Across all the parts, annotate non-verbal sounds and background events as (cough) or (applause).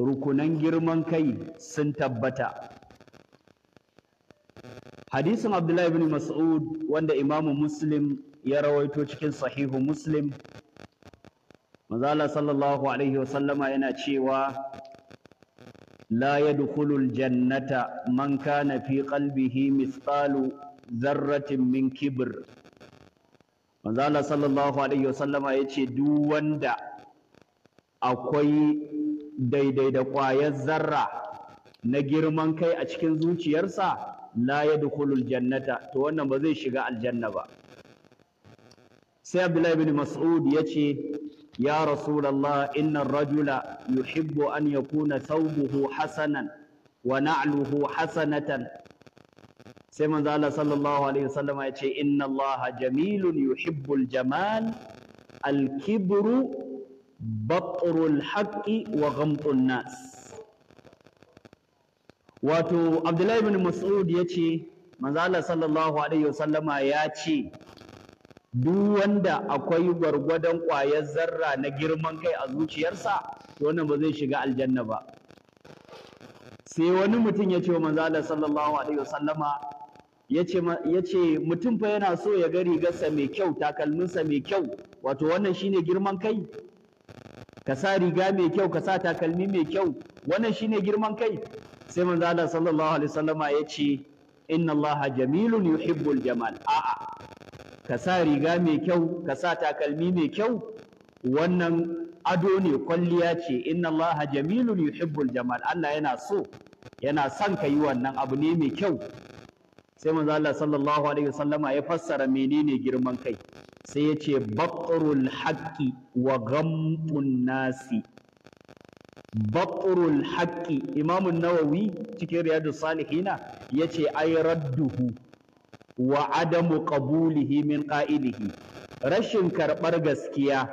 rukunan girman kai sun tabbata hadisin abdullahi ibn mas'ud wanda imamu muslim ya rawaito cikin sahihu muslim mazala sallallahu alaihi wasallama yana cewa la yadkhulu aljannata man kana fi qalbihi mithqalu dharratin min kibr manzala sallallahu alaihi wasallama yace duk wanda akwai daidai da ƙwayar zarra na girman kai a cikin zuciyarsa la yadkhulul jannata to wannan ba zai shiga aljanna ba sai Abdullahi bin Mas'ud yace ya Rasulullah inna rajula yuhibbu an yakuna thawbuhu hasanan wa na'luhu hasanatan sai manzo Allah sallallahu alaihi wasallam yace inna Allah jamilun yuhibbul jamal al-kibru batrul haqqi wa ghamtun nas wato abdullahi ibn mas'ud yace manzo Allah sallallahu alaihi wasallama ya ce duk wanda akwai gwargwadon ƙwayar zarra na girman kai a zuciyarsa to wannan ba zai shiga aljanna ba sai wani mutum ya ce wa manzo sallallahu alaihi wasallama ya ce mutum fa yana so ya ga rigarsa mai kyau takalminsa mai kyau wato wannan shine girman kai ka sa riga mai kyau ka sa takalmi mai kyau wannan shine girman kai sai manzo Allah sallallahu alaihi wasallama ya ce inna Allah jamilun yuhibbul jamal a'a ka sa riga mai kyau ka sa takalmi mai kyau wannan ado ne kwalliya ce inna Allah jamilun yuhibbul jamal Allah yana so yana son ka yi wannan abu ne mai kyau sai manzo Allah sallallahu alaihi wasallama ya fassara menene girman kai sai ya ce baƙarul haƙƙi wa gamɓun nasi baƙarul haƙƙi imamun nawawi cikin riyadu salihina ya ce ai radduhu wa adamu ƙabulihi min ƙa'ilihi rashin karɓar gaskiya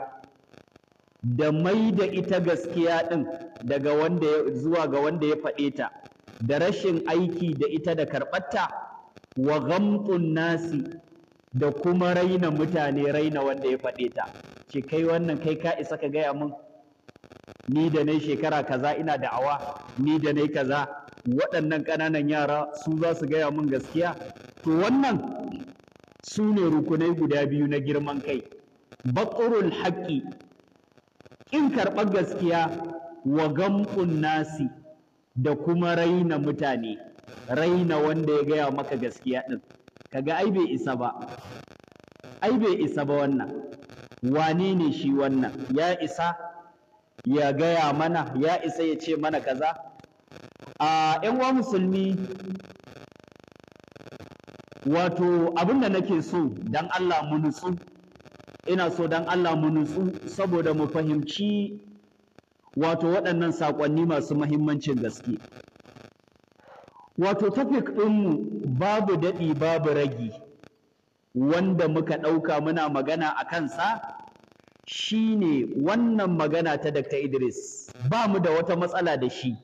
da mai da ita gaskiya ɗin daga wanda zuwa ga wanda ya faɗe ta da rashin aiki da ita da karɓarta wa gamɓun nasi da kuma raina mutane raina wanda ya faɗe ta ce kai wannan kai ka isa ka gaya mun ni da nai shekara kaza ina da awa ni da nai kaza waɗannan ƙananan yara su za su gaya mun gaskiya to wannan su ne rukunai guda biyu na girman kai baƙurul haƙƙi ƙin karɓar gaskiya wa gamƙun nasi da kuma raina mutane raina wanda ya gaya maka gaskiya ɗin kaga ai bai isa ba ai bai isa ba wannan wane ne shi wannan ya isa ya gaya mana ya isa ya ce mana kaza a yan uwa musulmi wato abin da nake so dan Allah mu nutsu ina so dan Allah mu nutsu saboda mu fahimci wato waɗannan saƙonni masu muhimmancin gaske wato topic ɗinmu babu daɗi babu ragi wanda muka ɗauka muna magana a kansa shine wannan magana ta Dr. Idris ba mu da wata matsala da shi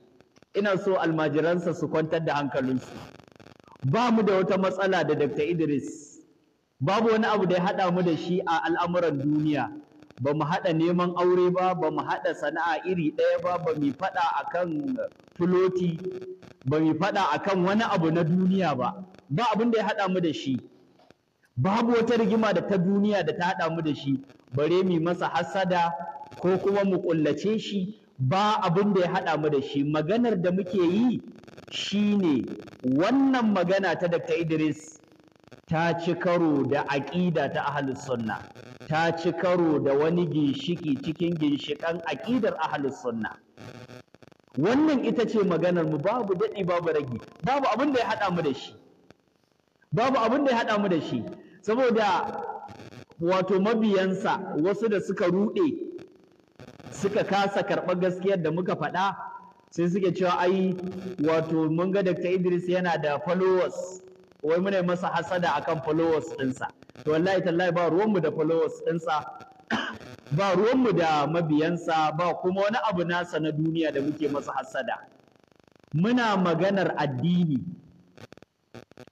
ina so almajiransa su kwantar da hankalinsu ba mu da wata matsala da Dr. Idris babu wani abu da ya haɗa mu da shi a al'amuran duniya ba mu haɗa neman aure ba ba mu haɗa sana'a iri ɗaya ba ba mu faɗa a kan filoti ba mu faɗa a kan wani abu na duniya ba ba abin da ya haɗa mu da shi babu wata rigima da ta duniya da ta haɗa mu da shi bare mu masa hasada ko kuma mu ƙullace shi ba abin da ya haɗa mu da shi maganar da muke yi shine wannan magana ta Dr. Idris ta ci karo da aƙida ta ahlus sunna ta ci karo da wani ginshiki cikin ginshiƙan aƙidar ahalus sunna wannan ita ce maganar mu babu daɗi babu ragi babu abin da ya haɗa mu da shi babu abin da ya haɗa mu da shi saboda wato mabiyansa wasu da suka ruɗe suka kasa karɓar gaskiyar da muka faɗa sai suke cewa ai wato mun ga Dr. Idris yana da followers wai muna masa hasada akan followers ɗinsa to wallahi tallahi ba ruwanmu da followers ɗinsa (coughs) ba ruwanmu da mabiyansa ba kuma wani abu nasa na duniya da muke masa hasada muna maganar addini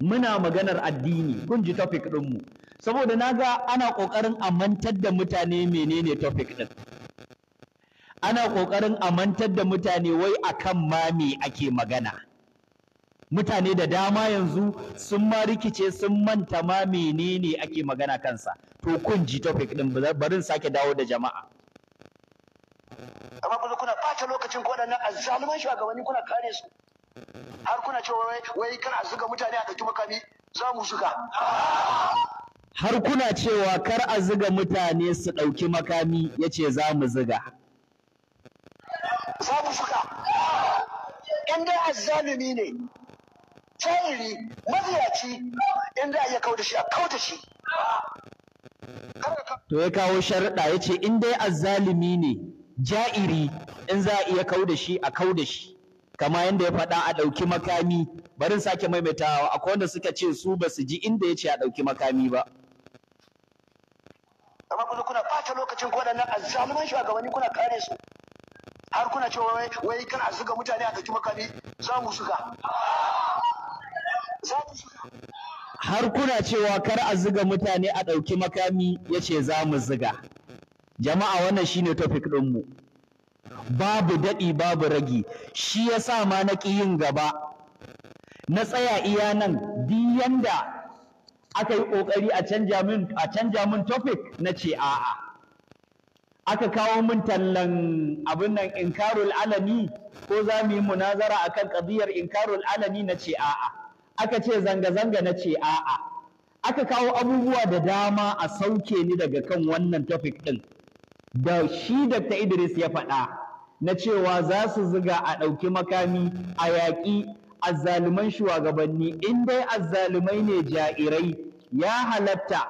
muna maganar addini kun ji topic ɗinmu saboda naga ana ƙoƙarin a mantar da mutane menene topic ɗin ana ƙoƙarin a mantar da mutane wai akan ma me ake magana mutane da dama yanzu sun ma rikice sun manta ma menene ake magana kansa to kun ji topic din barin sake dawo da jama'a amma kuma kuna ɓata lokacin waɗannan azzaluman shugabanni kuna kare su har kuna cewa wai kar a zuga mutane a ɗauki makami za mu zuga har kuna cewa kar a zuga mutane su ɗauki makami ya ce za mu zuga za mu zuga in dai azzalumi ne jahili maziyaci in za a iya shi a kauda shi to ya kawo sharaɗa ya ce in dai azzalimi ne ja'iri in za a iya kauda shi a kauda shi kama yadda ya faɗa a ɗauki makami barin sake maimaitawa akwai wanda suka ce su ba su ji inda ya ce a ɗauki makami ba amma kuna kuna ɓata lokacin ko waɗannan azzaluman shugabanni kuna kare su har kuna cewa wai kan a zuga mutane a ɗauki makami za mu zuga har kuna cewa kar a ziga mutane a ɗauki makami ya ce za mu ziga jama'a wannan shine topic ɗinmu babu daɗi babu ragi shi ya sa ma na ƙi yin gaba na tsaya iya nan biyan yanda aka yi ƙoƙari a canja min a topic na ce a'a aka kawo min tallan abin nan inkarul alami ko za mu yi munazara akan in inkarul alami na ce a'a aka ce zanga-zanga na ce a'a aka kawo abubuwa da dama a sauke ni daga kan wannan topic ɗin da shi Dr. Idris ya faɗa na cewa za su ziga a ɗauki makami a yaƙi azzaluman shugabanni in dai azzalumai ne ja'irai ya halatta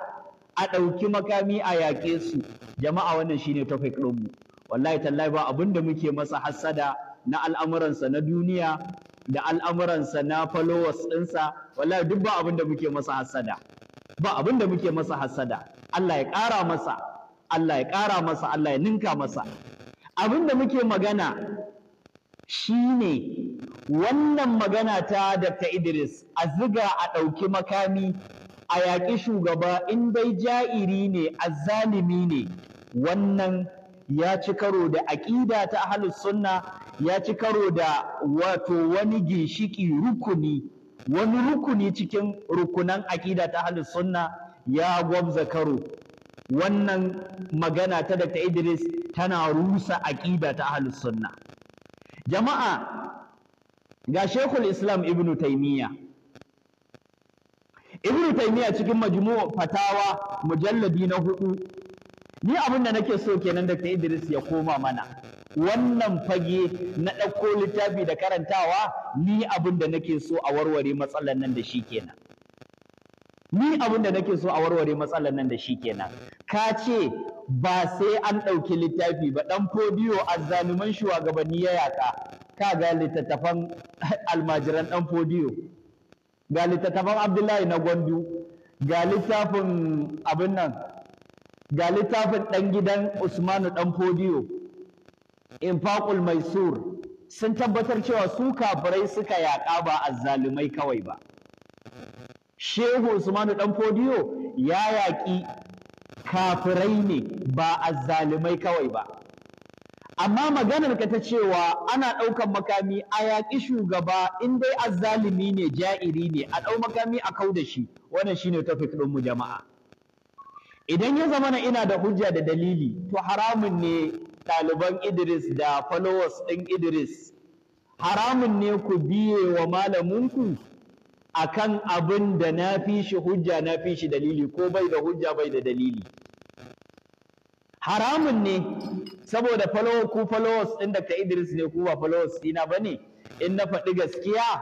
a ɗauki makami a yaƙe su jama'a wannan shine topic ɗinmu wallahi tallahi ba abin da muke masa hassada na al'amuransa na duniya da al'amuransa na followers ɗinsa wallahi duk ba abin da muke masa hasada. ba abin da muke masa hasada. Allah ya ƙara masa Allah ya ƙara masa Allah ya ninka masa abin da muke magana shine wannan magana ta Dr. Idris a ziga a ɗauki makami a yaƙi shugaba in dai ja'iri ne azzalimi ne wannan ya ci karo da aƙida ta ahlus sunna ya ci karo da wato wani ginshiki rukuni wani rukuni cikin rukunan aƙida ta ahlus sunna ya gwamza karo wannan magana ta da Idris tana rusa aƙida ta ahlus sunna jama'a ga Sheikhul Islam Ibn Taymiyyah Ibn Taymiyyah cikin majmu' fatawa mujalladi na hudu ni abin da nake so kenan da Idris ya koma mana wannan fage na ɗauko littafi da karantawa ni abin da nake so a warware matsalar nan da shi kenan ni abin da nake so a warware matsalar nan da shi kenan ka ce ba sai an ɗauki littafi ba ɗan fodiyo azzaluman shugabanni ya yaƙa ka ga littattafan almajiran ɗan fodiyo ga littattafan abdullahi na gwandu ga littafin abin nan ga littafin ɗan gidan usmanu ɗan fodiyo infaqul maisur sun tabbatar cewa su kafirai suka yaƙa ba azzalumai kawai ba shehu usmanu dan fodiyo ya yaƙi kafirai ne ba azzalumai kawai ba amma maganar ka ta cewa ana ɗaukan makami a yaƙi shugaba in dai azzalumi ne ja'iri ne a ɗau makami a kau da shi wannan shine topic ɗin mu jama'a idan ya zama ina da hujja da dalili to haramun ne ɗaliban Idris da followers ɗin Idris haramun ne ku biye wa malaminku akan abin da na fi shi hujja na fi shi dalili ko bai da hujja bai da dalili haramun ne saboda followers ku followers ɗin Dr. Idris ne ku ba followers ɗina ba ne in na faɗi gaskiya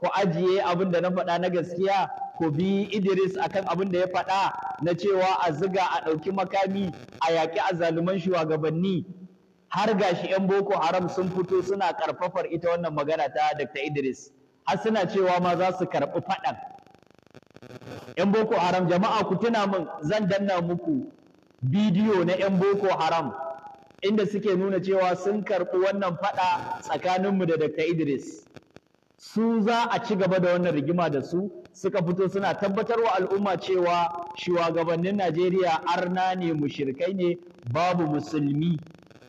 ku ajiye abin da na faɗa na gaskiya ku bi Idris akan abin da ya faɗa na cewa a ziga a ɗauki makami a yaƙi a zaluman shugabanni har gashi 'yan Boko Haram sun fito suna ƙarfafar ita wannan magana ta Dr. Idris har suna cewa ma za su karɓi faɗan 'yan Boko Haram jama'a ku tuna min zan danna muku bidiyo na 'yan Boko Haram inda suke nuna cewa sun karɓi wannan faɗa tsakaninmu da Dr. Idris su za a ci gaba da wannan rigima da su suka fito suna tabbatar wa al'umma cewa shugabannin Najeriya arna ne mushrikai ne babu musulmi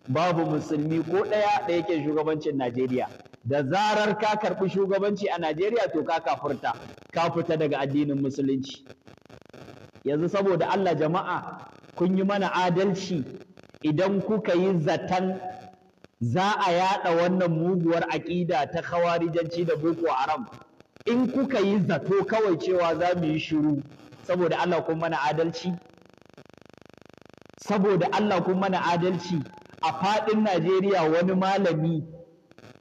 babu musulmi ko ɗaya da yake shugabancin Najeriya da zarar ka karɓi shugabanci a Najeriya to ka kafurta ka fita daga addinin musulunci yanzu saboda Allah jama'a kun yi mana adalci idan kuka yi zaton za a yaɗa wannan muguwar aƙida ta khawarijanci da boko haram in kuka yi zato kawai cewa za mu yi shiru saboda Allah kun mana adalci saboda Allah kuma mana adalci a faɗin Najeriya wani malami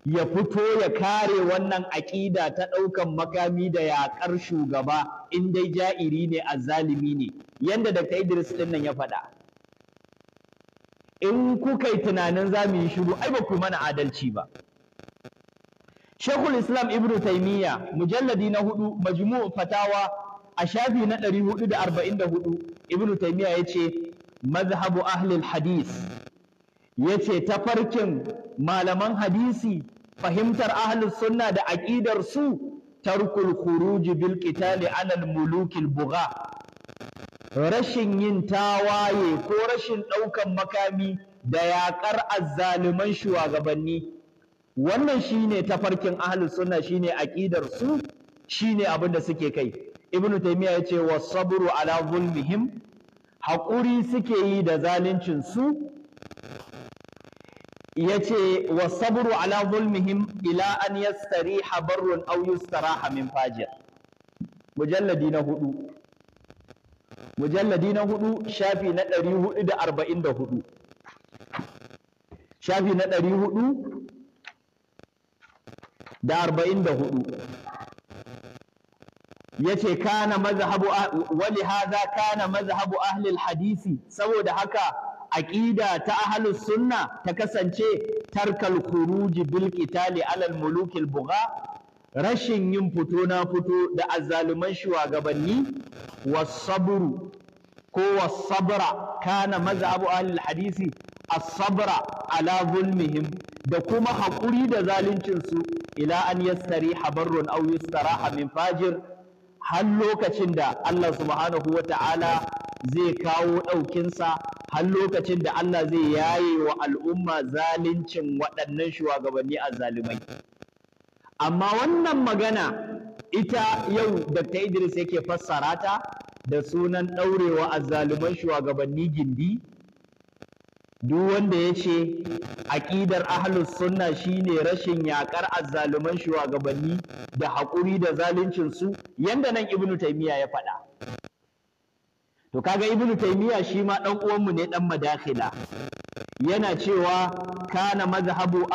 ya fito ya kare wannan aƙida ta ɗaukan makami da yaƙar shugaba in dai ja'iri ne azzalimi ne yadda Dr. Idris ɗin nan ya faɗa in kuka yi tunanin za mu yi shiru ai ba ku mana adalci ba shekul islam ibnu taimiyya mujalladi na hudu majmu fatawa a shafi na 444 ibnu taimiyya ya ce mazhabu ahlil hadis ya ce tafarkin malaman hadisi fahimtar ahlus sunna da aƙidar su tarkul khuruji bil qitali alal mulukil buga. rashin yin tawaye ko rashin ɗaukan makami da yaƙar azzaluman shugabanni wannan shine tafarkin ahlus sunna shine aƙidar su shine abin da suke kai ibnu taymiya yace wasabru ala zulmihim haƙuri suke yi da zaluncin su yace wasabru ala zulmihim ila an yastariha barrun aw yustaraha min fajir mujalladi na hudu mujalladi na hudu shafi na ɗari hudu da arba'in da hudu shafi na ɗari hudu da arba'in da hudu ya ce kana mazhabu wali haza kana mazhabu ahlil hadisi saboda haka aƙida ta ahlus sunna ta kasance tarkal khuruji bil qitali alal mulukil bugha rashin yin fito na fito da azzaluman shugabanni wasabru ko wasabra kana mazhabu ahlul hadisi as-sabra ala zulmihim da kuma hakuri da zaluncin su ila an yastari habarrun aw yastaraha min fajir har lokacin da Allah subhanahu wata'ala zai kawo ɗaukinsa har lokacin da Allah zai yaye wa al'umma zaluncin waɗannan shugabanni azzalumai amma wannan magana ita yau Dr. Idris yake fassara ta da sunan ɗaurewa a zaluman shugabanni gindi duk wanda ya ce aƙidar ahlus sunna shine rashin yaƙar azzaluman shugabanni da haƙuri da zaluncin su yanda nan ibnu taymiya ya faɗa to kaga ibnu taymiya shi ma ɗan uwanmu ne ɗan madakhila yana cewa kana mazhabu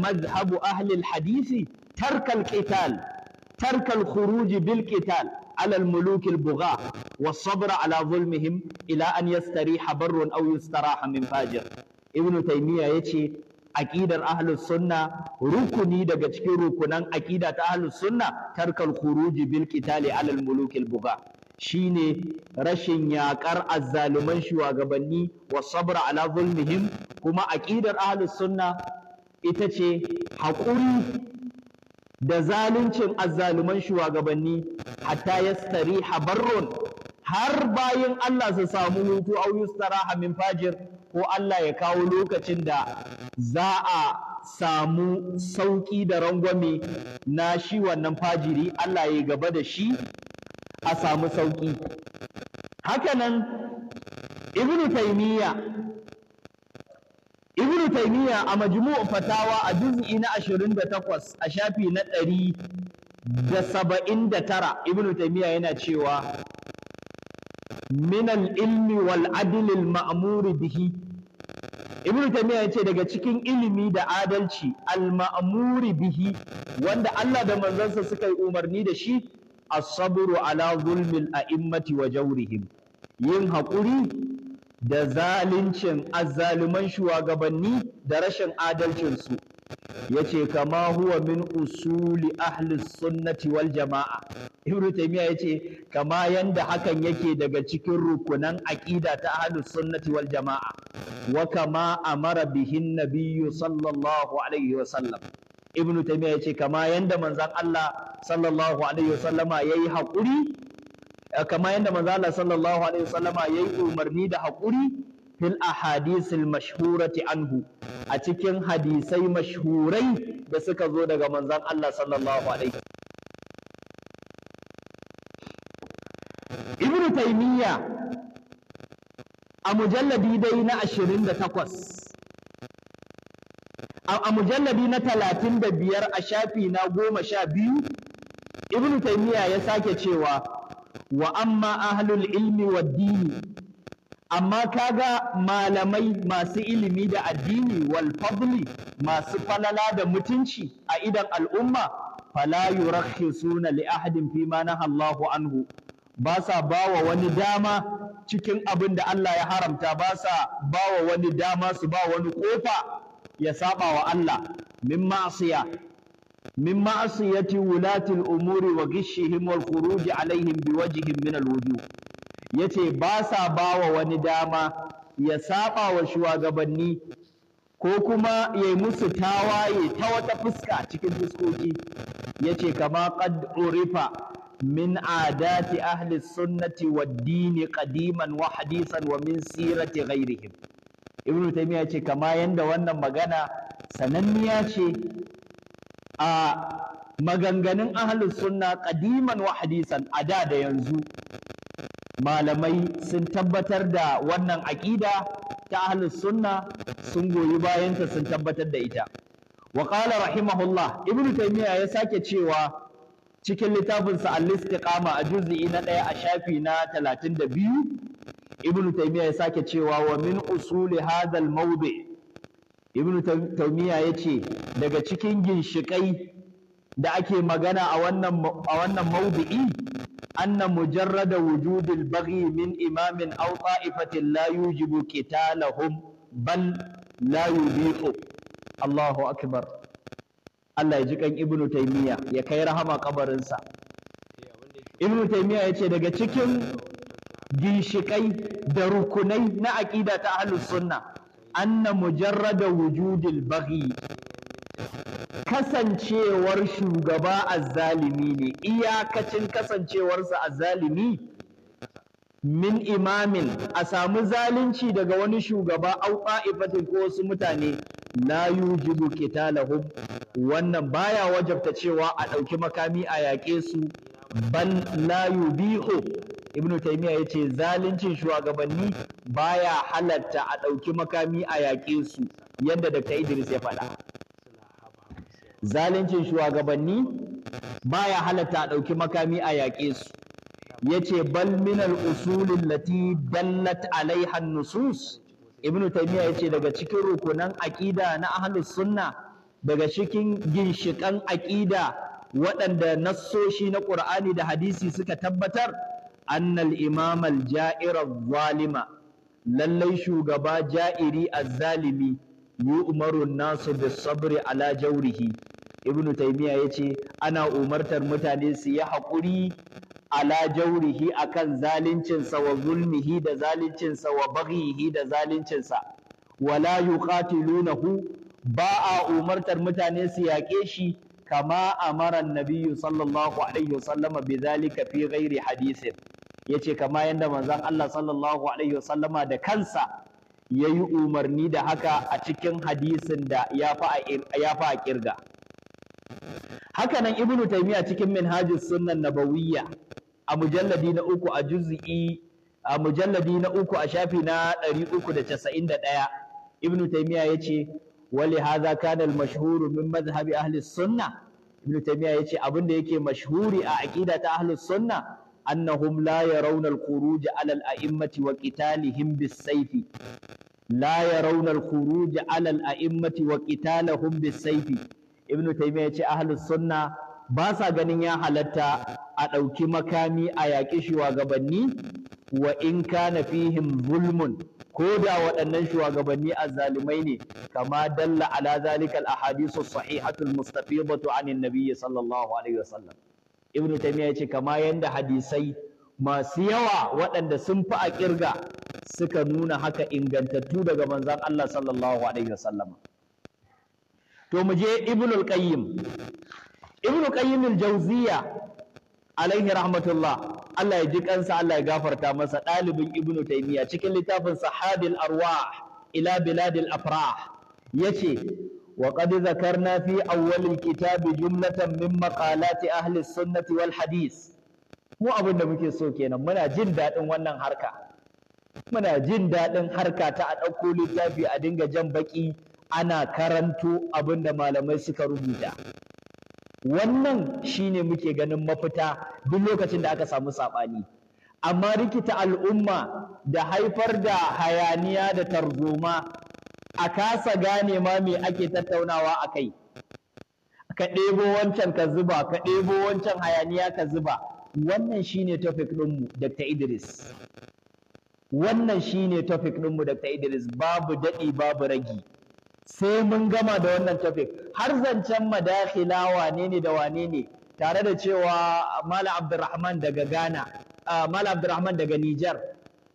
mazhabu ahlil hadisi tarkal qital tarkal khuruj bil qital ala al muluk al bugha was sabr ila an yastariha barrun aw yustaraha min fajir ibnu taymiya yace aqidar ahlus sunna rukuni daga cikin rukunan aƙida ta ahlus sunna tarkal khuruj bil qitali ala al muluk al bugha shine rashin yakar azzaluman shugabanni wa sabra ala zulmihim kuma aqidar ahlus sunna ita ce haƙuri da zaluncin azzaluman shugabanni hatta yastariha barrun har bayan Allah su samu hutu au yustaraha min fajir ko Allah ya kawo lokacin da za a samu sauƙi da rangwame na shi wannan fajiri Allah ya gaba da shi a samu sauƙi nan, ibnu taymiya ibn taymiya a majmu'u fatawa a juz'i na 28 a shafi na 179 ibn taymiya yana cewa min al-ilmi wal adl al ma'mur bihi ibn taymiya yace daga cikin ilimi da adalci al ma'mur bihi wanda Allah da manzansa suka yi umarni da shi as ala zulmil a'immati wa jawrihim yin haƙuri da zalincin azzaluman shugabanni da rashin adalcinsu Ya ce kama huwa min usuli ahli sunnati wal jama'a ibnu taymiya ce kama yanda hakan yake daga cikin rukunan aqida ta ahli sunnati wal jama'a wa kama amara bihin nabiyyu sallallahu alaihi wa sallam ibnu taymiya ce kama yanda manzon Allah sallallahu alaihi wa sallama yayi haƙuri. Eh, kamar yadda manzo Allah sallallahu alaihi wasallama yayi umarni da haƙuri fil ahadisil mashhurati anhu a cikin hadisai mashhurai da suka zo daga manzon Allah sallallahu alaihi Ibn Taymiyyah a mujalladi dai na 28 a mujalladi na 35 a shafi na 12 Ibn Taymiyyah ya sake cewa wa amma ahlul ilmi wa dini amma kaga malamai masu ilimi da addini wal fadli masu falala da mutunci a idan al'umma fala yurakhisuna li ahadin fi ma Allahu anhu ba sa bawa wani dama cikin abin da Allah ya haramta ba sa bawa wani dama su ba wani kofa ya saba wa Allah min ma'siya min ma'asiyati wulati al-umuri wa ghishihim wal khuruj alaihim biwajhin min al-wujuh yace ba sa bawa wani dama ya saba wa shugabanni ko kuma ya musu tawaye ta wata fuska cikin fuskoki yace kama qad urifa min adati ahli sunnati wad dini qadiman wa hadisan wa min sirati ghairihim ibnu taymiya yace kama yanda wannan magana sananniya ce a maganganun ahlus sunna ƙadiman wa hadisan a da da yanzu malamai sun tabbatar da wannan aƙida ta ahlus sunna sun goyi bayanta sun tabbatar da ita wa qala rahimahullah ibnu taymiya ya sake cewa cikin littafinsa al-istiqama a juz'i na ɗaya a shafi na 32 ibnu taymiya ya sake cewa wa min usuli hadha mawdi ibnu taumiya ya ce daga cikin ginshiƙai da ake magana a wannan a wannan mawdu'i anna mujarrada wujudin baghi min imamin aw ta'ifatin la yujibu qitalahum bal la Allahu akbar Allah ya kan ibnu taymiya ya kai rahama kabarinsa ibnu taymiya yace daga cikin ginshiƙai da rukunai na aƙida ta ahlus sunna anna mujarrada wujudin baghi kasancewar shugaba azzalimi ne iyakacin kasancewarsa azzalimi min imamin a samu zalunci daga wani shugaba au ta'ifatin ko wasu mutane la yujibu qitalahum wannan baya wajabta cewa a ɗauki makami a yaƙe su bal la yubihu ibn ya yace zaluncin shugabanni baya halatta a ɗauki makami a yaƙe su yadda dr idris ya faɗa zaluncin shugabanni baya halatta a ɗauki makami a yaƙe su yace bal minal usulin lati dallat alaiha nusus ibn ya yace daga cikin rukunan aƙida na ahlus sunna daga cikin ginshiƙan aƙida waɗanda nassoshi na ƙur'ani da hadisi suka tabbatar annal imamal Jairar zalima lallai shugaba ja'iri az-zalimi yu'maru nasu da sabri ala jawrihi ibnu ya ce, ana umartar mutane su yi haƙuri ala jaurihi akan zalincinsa, wa zulmihi da zalincinsa wa baghihi da zaluncinsa wala yuqatilunahu ba a umartar mutane su yaƙe shi kama amara nabiyyu sallallahu alaihi wasallama bidhalika hadisin yace kama yanda manzon Allah sallallahu da kansa yayi umarni da haka a cikin hadisin da ya fa ya fa kirga haka ibnu taymiya cikin minhajus sunnan nabawiyya a mujalladi na uku a shafi a mujalladi na uku a shafi na 391 ibnu taymiya yace ولهذا كان المشهور من مذهب أهل السنة ابن تيمية يتي أبن يكي مشهوري عقيدة أهل السنة أنهم لا يرون الخروج على الأئمة وقتالهم بالسيف لا يرون الخروج على الأئمة وقتالهم بالسيف ابن تيمية يتي أهل السنة باسا غنيا حالتا أدوكي مكامي أياكي شواغبني wa in kana fihim zulmun ko da waɗannan shugabanni azzalumai ne kama dalla ala zalika al-ahadithu sahihatu al-mustafidatu an an-nabiy sallallahu alaihi wasallam ibn taymiya yace kama yanda hadisai masu yawa waɗanda sun fi a kirga suka nuna haka ingantattu daga manzon Allah sallallahu alaihi wasallam to mu je ibn al-qayyim ibn qayyim al-jawziya alaihi rahmatullah Allah ya ji kansa Allah ya gafarta masa ɗalibin Ibn Taymiyyah cikin littafin Sahabil Arwah ila Biladil Afrah yace wa qad zakarna fi awwalil kitabi jumlatan min maqalati ahli sunnati wal hadith mu abin da muke so kenan muna jin daɗin wannan harka muna jin daɗin harka ta a ɗauko littafi a dinga jan baƙi ana karanto abin da malamai suka rubuta wannan shine muke ganin mafita duk lokacin da aka samu saɓani amma rikita al'umma da haifar da hayaniya da tarzoma a kasa gane ma me ake tattaunawa a kai ka ɗebo wancan ka zuba ka ɗebo wancan hayaniya ka zuba wannan shine topic ɗinmu Dr. Idris wannan shine topic ɗinmu Dr. Idris babu daɗi babu ragi sai mun gama da wannan topic har zancen madakhila wane ne da wane ne tare da cewa Malam abdurrahman daga Ghana Malam abdurrahman daga Niger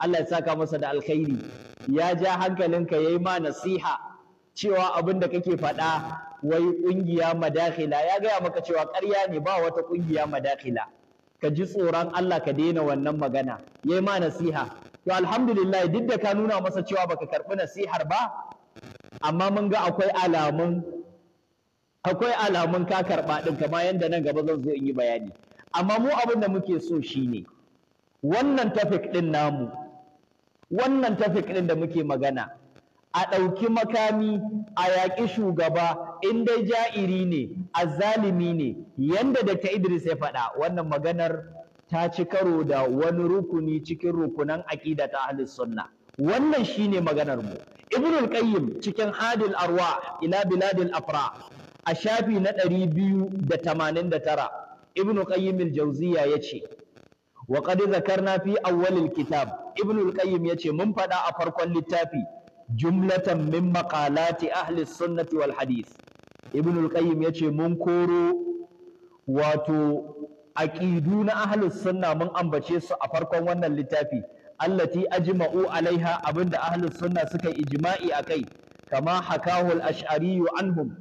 Allah ya saka masa da alkhairi ya ja hankalinka yayi ma nasiha cewa abin da kake faɗa wai ƙungiya madakhila ya gaya maka cewa ƙarya ne ba wata ƙungiya madakhila ka ji tsoron Allah ka daina wannan magana yayi ma nasiha to alhamdulillah duk da ka nuna masa cewa baka karɓi nasihar ba amma mun ga akwai alamun akwai alamun ka karɓa ɗin kama yadda nan gaba zan zo in yi bayani amma mu abin da muke so shine wannan tafik ɗin namu wannan tafik ɗin da muke magana a ɗauki makami a yaƙi shugaba in dai ja'iri ne Azalimi ne yanda da ta idris ya faɗa wannan maganar ta ci karo da wani rukuni cikin rukunan aƙida ta ahlus sunna wannan shine maganar mu ibn al-qayyim cikin hadil arwa ila biladil afra a shafi na 289 ibn al-qayyim al-jawziya yace wa qad zakarna fi awwal al-kitab ibn al-qayyim yace mun fada a farkon littafi jumlatan min maqalati ahli sunnati wal hadith ibn al-qayyim yace mun koro wato aqidu na ahli sunna mun ambace su a farkon wannan littafi allati ajma'u alaiha abinda ahlus sunna suka ijma'i akai kama hakahu al-ash'ari anhum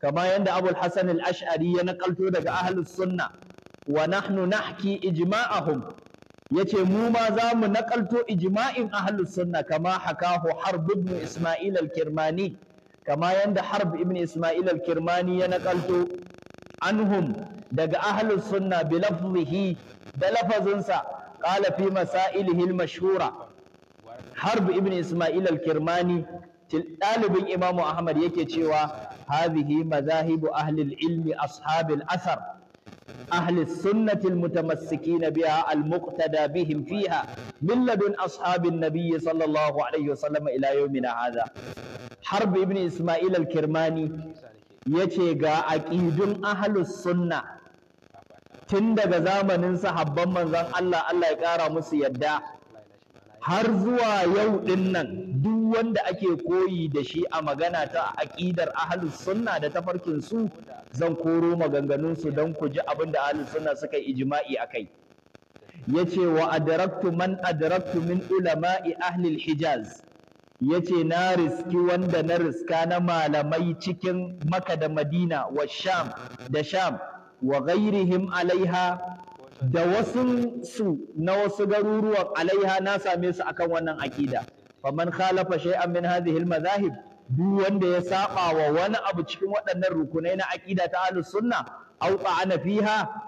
kama yanda abul hasan ashari ya nakalto daga ahlus sunna wa nahnu nahki ijma'ahum yace mu ma za mu nakalto ijma'in ahlus kama hakahu harb ibn isma'il al-kirmani kama yanda harb ibn isma'il al-kirmani ya nakalto anhum daga ahlus sunna bi lafzihi da lafazinsa qala fi masailihi al-mashhura harb ibn isma'il al-kirmani ɗalibin imamu ahmad yake cewa hadhihi mazahibu ahli al-ilmi ashab asar athar ahli sunnati al-mutamassikina biha al-muqtada bihim fiha min ladun ashab an-nabiy sallallahu alaihi wasallam ila yawmina hadha harb ibn isma'il al-kirmani yace ga aƙidun ahlus sunnah tun daga zamanin sahabban manzon Allah Allah ya ƙara musu yadda har zuwa yau din nan duk wanda ake koyi da shi a magana ta aƙidar ahlus sunna da tafarkin su zan koro maganganun su don ku ji abin da ahlus sunna suka yi ijma'i akai yace wa adraktu man adraktu min ulama'i ahlil hijaz yace na riski wanda na riska na malamai cikin maka da madina wa sham da sham wa ghairihim alaiha da wasu su na wasu garuruwan alaiha na same su akan wannan aƙida faman khalafa shay'an min hadhihi al duk wanda ya saba wa wani abu cikin waɗannan rukunai na aƙida ta ahlus sunna aw ta'ana fiha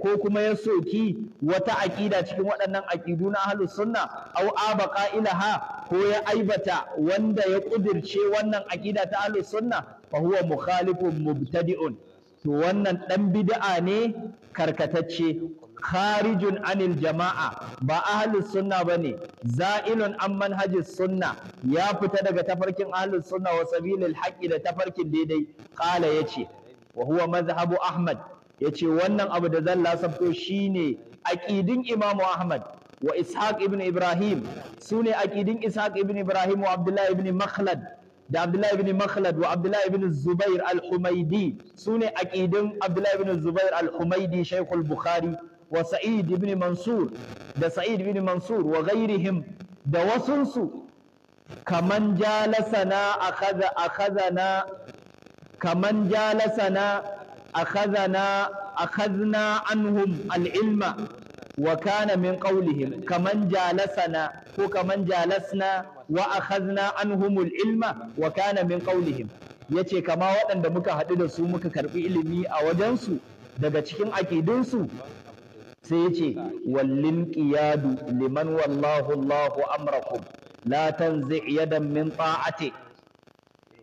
ko kuma ya soki wata aƙida cikin waɗannan akidu na ahlus sunna au aba qa'ilaha ko ya aibata wanda ya kudirce wannan aƙida ta ahlus sunna fa huwa mukhalifun mubtadi'un to wannan ɗan bid'a ne karkatacce kharijun anil jama'a ba ahlus sunna bane za'ilun an manhajis sunna ya fita daga tafarkin ahlus sunna wa sabilil haqqi da tafarkin daidai qala yace wa huwa mazhabu ahmad yace wannan abu da zan lasafto shine aqidin imamu ahmad wa ishaq ibn ibrahim sune aqidin ishaq ibn ibrahim wa abdullah ibn makhlad da Abdullahi ibn Makhlad wa Abdullahi ibn Zubair al-Humaidi sune aqidin Abdullahi ibn Zubair al-Humaidi Shaykhul Bukhari wa Sa'id ibn Mansur da Sa'id ibn Mansur wa ghairihim da wasunsu kaman jalasana akhadha akhadhana kaman jalasana akhadhana akhadhna anhum al-ilma wa kana min qawlihim kaman jalasana ko kaman jalasna wa akhadna anhumul ilma wa kana min qawlihim yace kama waɗanda muka haɗu da su muka karɓi ilimi a wajensu daga cikin aƙidunsu sai ce, wallin ƙiyadu, liman wallahu Allahu amrakum la tanzi yadan min ta'ati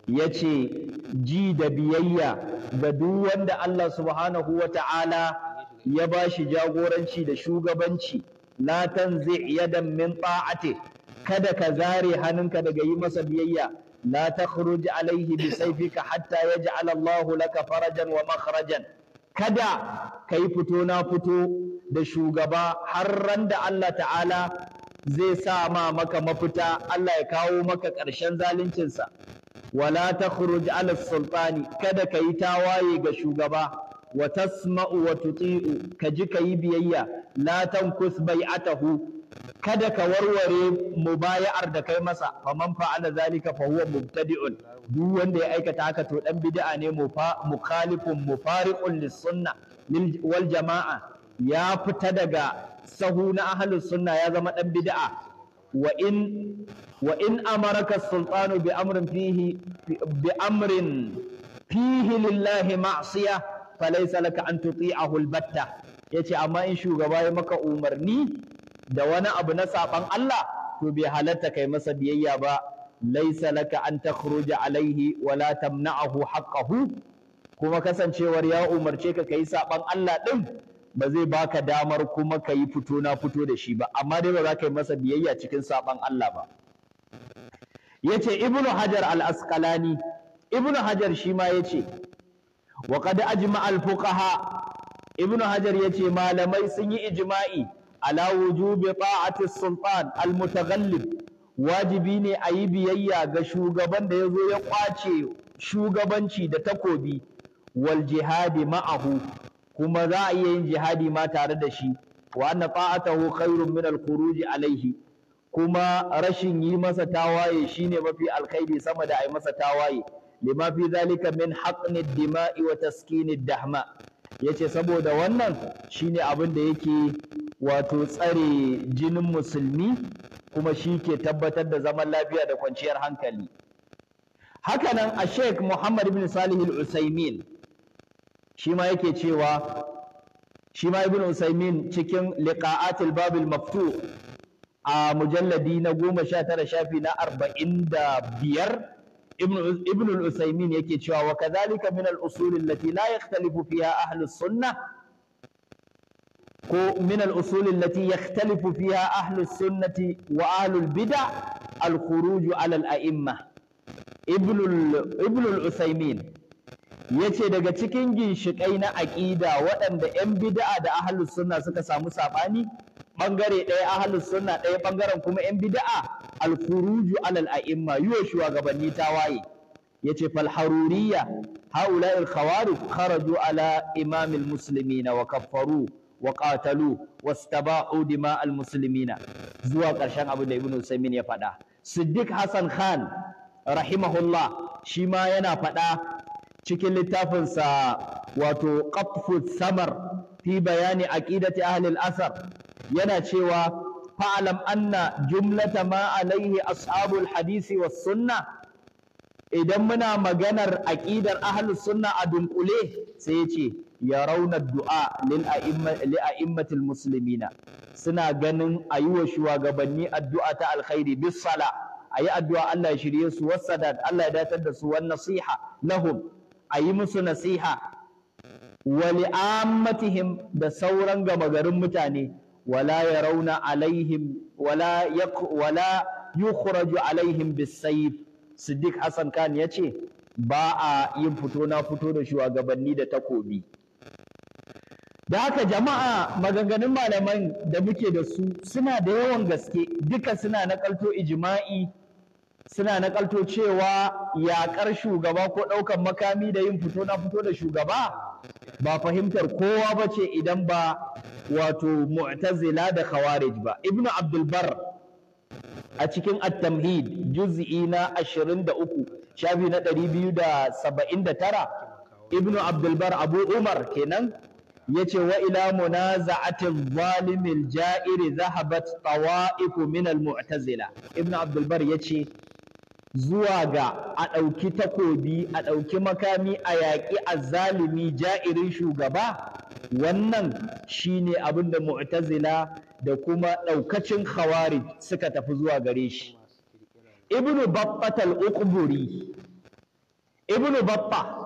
yace ji da biyayya ga duk wanda Allah subhanahu wa ta'ala ya ba shi jagoranci da shugabanci la tanzi yadan min ta'ati kada ka zare hannunka daga yi masa biyayya la takhruj alaihi bi sayfika hatta yaj'al Allah laka farajan wa makhrajan kada kai fito na fito da shugaba har ran da Allah ta'ala zai sa ma maka mafita Allah ya kawo maka ƙarshen zaluncinsa wala takhruj ala sultani kada ka yi tawaye ga shugaba wa tasma'u wa tuti'u ka ji ka yi biyayya la tankus bai'atahu kada ka warware mubaya'ar da kai masa faman fa'ala zalika fa huwa mubtadi'un duk wanda ya aikata haka to dan bid'a ne mukhalifun mufariqun lis sunna wal jama'a ya fita daga sahu na ahlus sunna ya zama dan bid'a wa in wa in amaraka sultanu bi amrin fihi bi amrin fihi lillahi ma'siyah falaisa laka an tuti'ahu albatta yace amma in shugaba ya maka umarni da wani abu na saban Allah to bai halatta kai masa biyayya ba laisa laka an takhruja alaihi wala tamna'ahu haqqahu kuma kasancewar ya umarce ka kai saban Allah din ba zai baka damar kuma ka yi fito na fito da shi ba amma dai ba za ka yi masa biyayya cikin saban Allah ba yace ibnu hajar al-asqalani ibnu hajar shi ma yace wa qad ajma al fuqaha ibn hajar yace malamai sun yi ijima'i. ala wujube, ta'ati sultan al mutaghallib wajibi ne a yi biyayya ga shugaban da ya zo ya kwace shugabanci da takobi Waljihadi ma'ahu kuma za a iya yin jihadi ma tare da shi wa anna ta'atahu khairun min al alaihi kuma rashin yi masa tawaye shine mafi alkhairi sama da a yi masa tawaye lima fi zalika min haqni dima'i wa taskini dahma yace saboda wannan shine abin da yake wato tsare jinin musulmi kuma shi ke tabbatar da zaman lafiya da kwanciyar hankali hakanan a sheikh muhammad ibn salih al-usaimin shi ma yake cewa shi ma ibn usaimin cikin liqa'atul babul maftu a mujalladi na goma sha tara shafi na arba'in da biyar ibn al yake cewa wa kadhalika min al-usul allati la yakhtalifu fiha ko minal al lati allati yakhtalifu fiha ahli sunnati wa ahli al-bid'ah Alal, khuruj ala al-a'imma ibn al yace daga cikin ginshikai na aƙida waɗanda 'yan bid'a da ahlus sunna suka samu sabani bangare ɗaya ahlus sunna ɗaya ɓangaren kuma 'yan bida'a? al-khuruju alal a'imma yiwa shugabanni tawaye yace fal haruriyya haula al-khawarij kharaju ala imam al-muslimina wa kaffaru wa qatalu wastaba'u dima al-muslimina zuwa ƙarshen abin da ibnu usaymin ya faɗa siddiq hasan khan rahimahullah shi ma yana faɗa cikin littafinsa wato qatfu samar fi bayani aqidati ahli al-asar yana cewa fa'alam anna jumlata ma alaihi ashabul hadisi was idan muna maganar aqidar ahlus sunna a dunkule sai ya ce ya rauna du'a aimmatil muslimina suna ganin a yi wa shugabanni addu'a ta alkhairi bis sala a yi addu'a Allah ya shirye su wasadat Allah ya datar da su wan nasiha lahum a yi musu nasiha wa li'ammatihim da sauran gama garin mutane wala yarawna alaihim wala yak wala yukhraju alaihim bisayf Siddiq Hassan Khan yace ba a yin fito na fito da shugabanni da takobi da haka jama'a maganganun malaman da muke da su suna da yawan gaske duka suna nakalto ijma'i suna nakalto cewa yaƙar shugaba ko ɗaukan makami da yin fito na fito da shugaba ba fahimtar kowa ba ce idan ba wato mu'tazila da khawarij ba ibnu abdul bar a cikin at-tamhid juz'i na 23 shafi na 279 ibnu abdul bar abu umar kenan yace wa ila munaza'ati zalimil ja'iri zahabat tawa'ifu min al-mu'tazila ibnu abdul bar yace zuwa ga a ɗauki takobi a ɗauki makami a yaƙi azzalumi ja'irin shugaba wannan shine abin da mu'tazila da kuma ɗaukacin khawarij suka tafi zuwa gare shi ibnu Babba Tal ukburi ibnu babba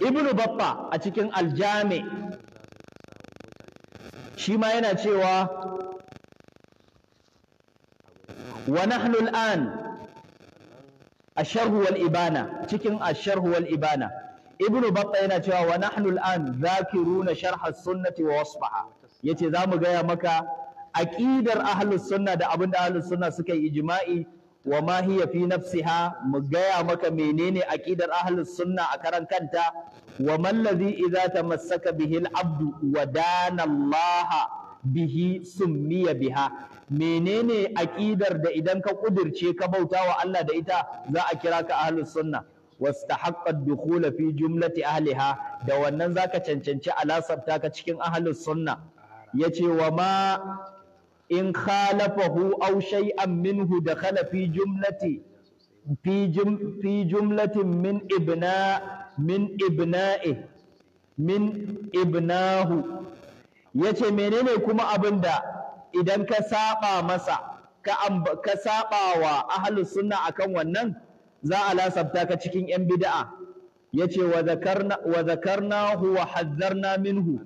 ibnu babba a cikin aljami shi ma yana cewa wa nahnu al'an asharhu wal ibana cikin asharhu wal ibana ibnu batta yana cewa wa nahnu al'an zakiruna sharh as-sunnati wa wasfaha yace zamu gaya maka aƙidar ahlus sunna da abinda ahlus sunna suka yi ijma'i wa mahiyafi hiya fi nafsiha mu gaya maka menene aƙidar ahlus sunna a karan kanta wa man ladhi idza tamassaka bihi al-abdu wa bihi summiya biha menene aqidar da idan ka kudirce ka bauta wa Allah da ita za a kira ka ahlus sunna wastahaqqat dukhula fi jumlati ahliha da wannan zaka cancanci alasabta ka cikin ahlus sunna yace wa ma in khalafahu aw shay'an minhu dakhala fi jumlati fi jum fi jumlatin min ibna min ibna'i min ibnahu Yace menene kuma abin da idan ka saba masa ka wa ahalus sunna akan wannan za a lasabta ka cikin 'yan bida'a ya ce wa zakarnahu wa hazzarna minhu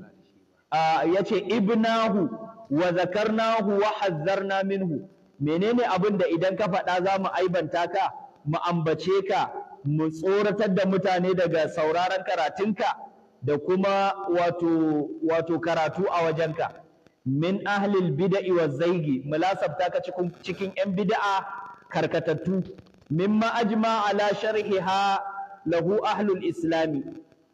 ibnahu wa zakarnahu wa hazzarna minhu menene abin da idan ka faɗa za mu aibanta ka mu ambace ka mu tsoratar da mutane daga sauraron karatunka da kuma wato wato karatu a wajenka min ahlil bid'i wa zaigi mulasabta ka cikin cikin yan bida'a karkatattu mimma ajma ala sharhiha lahu ahlul islami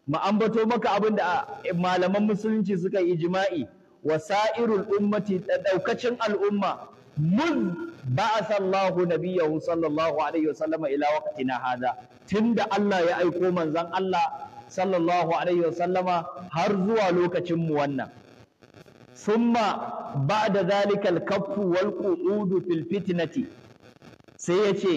mu ambato maka abin da eh, malaman musulunci suka yi ijma'i wa sa'irul ummati da daukacin al'umma mun ba'atha Allah nabiyahu sallallahu alaihi wasallama ila waqtina hada tunda Allah ya aiko manzon Allah sallallahu alaihi wasallama har zuwa lokacin mu wannan summa ba'da zalikal kaffu wal qu'udu fil fitnati sai yace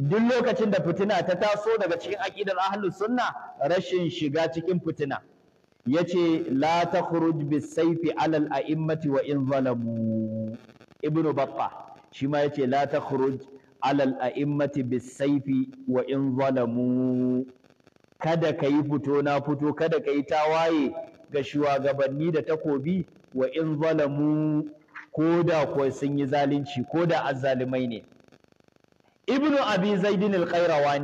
duk lokacin da fitina ta taso daga cikin aqidar ahlus sunna rashin shiga cikin fitina yace la takhruj bis sayfi alal a'immati wa in zalamu ibnu battah shi ma yace la takhruj alal a'immati bis sayfi wa in zalamu kada ka yi fito na fito kada ka yi tawaye ga shugabanni da takobi wa in zalamu ko da ko sun yi zalunci ko da azzalimai ne ibnu abi zaidin al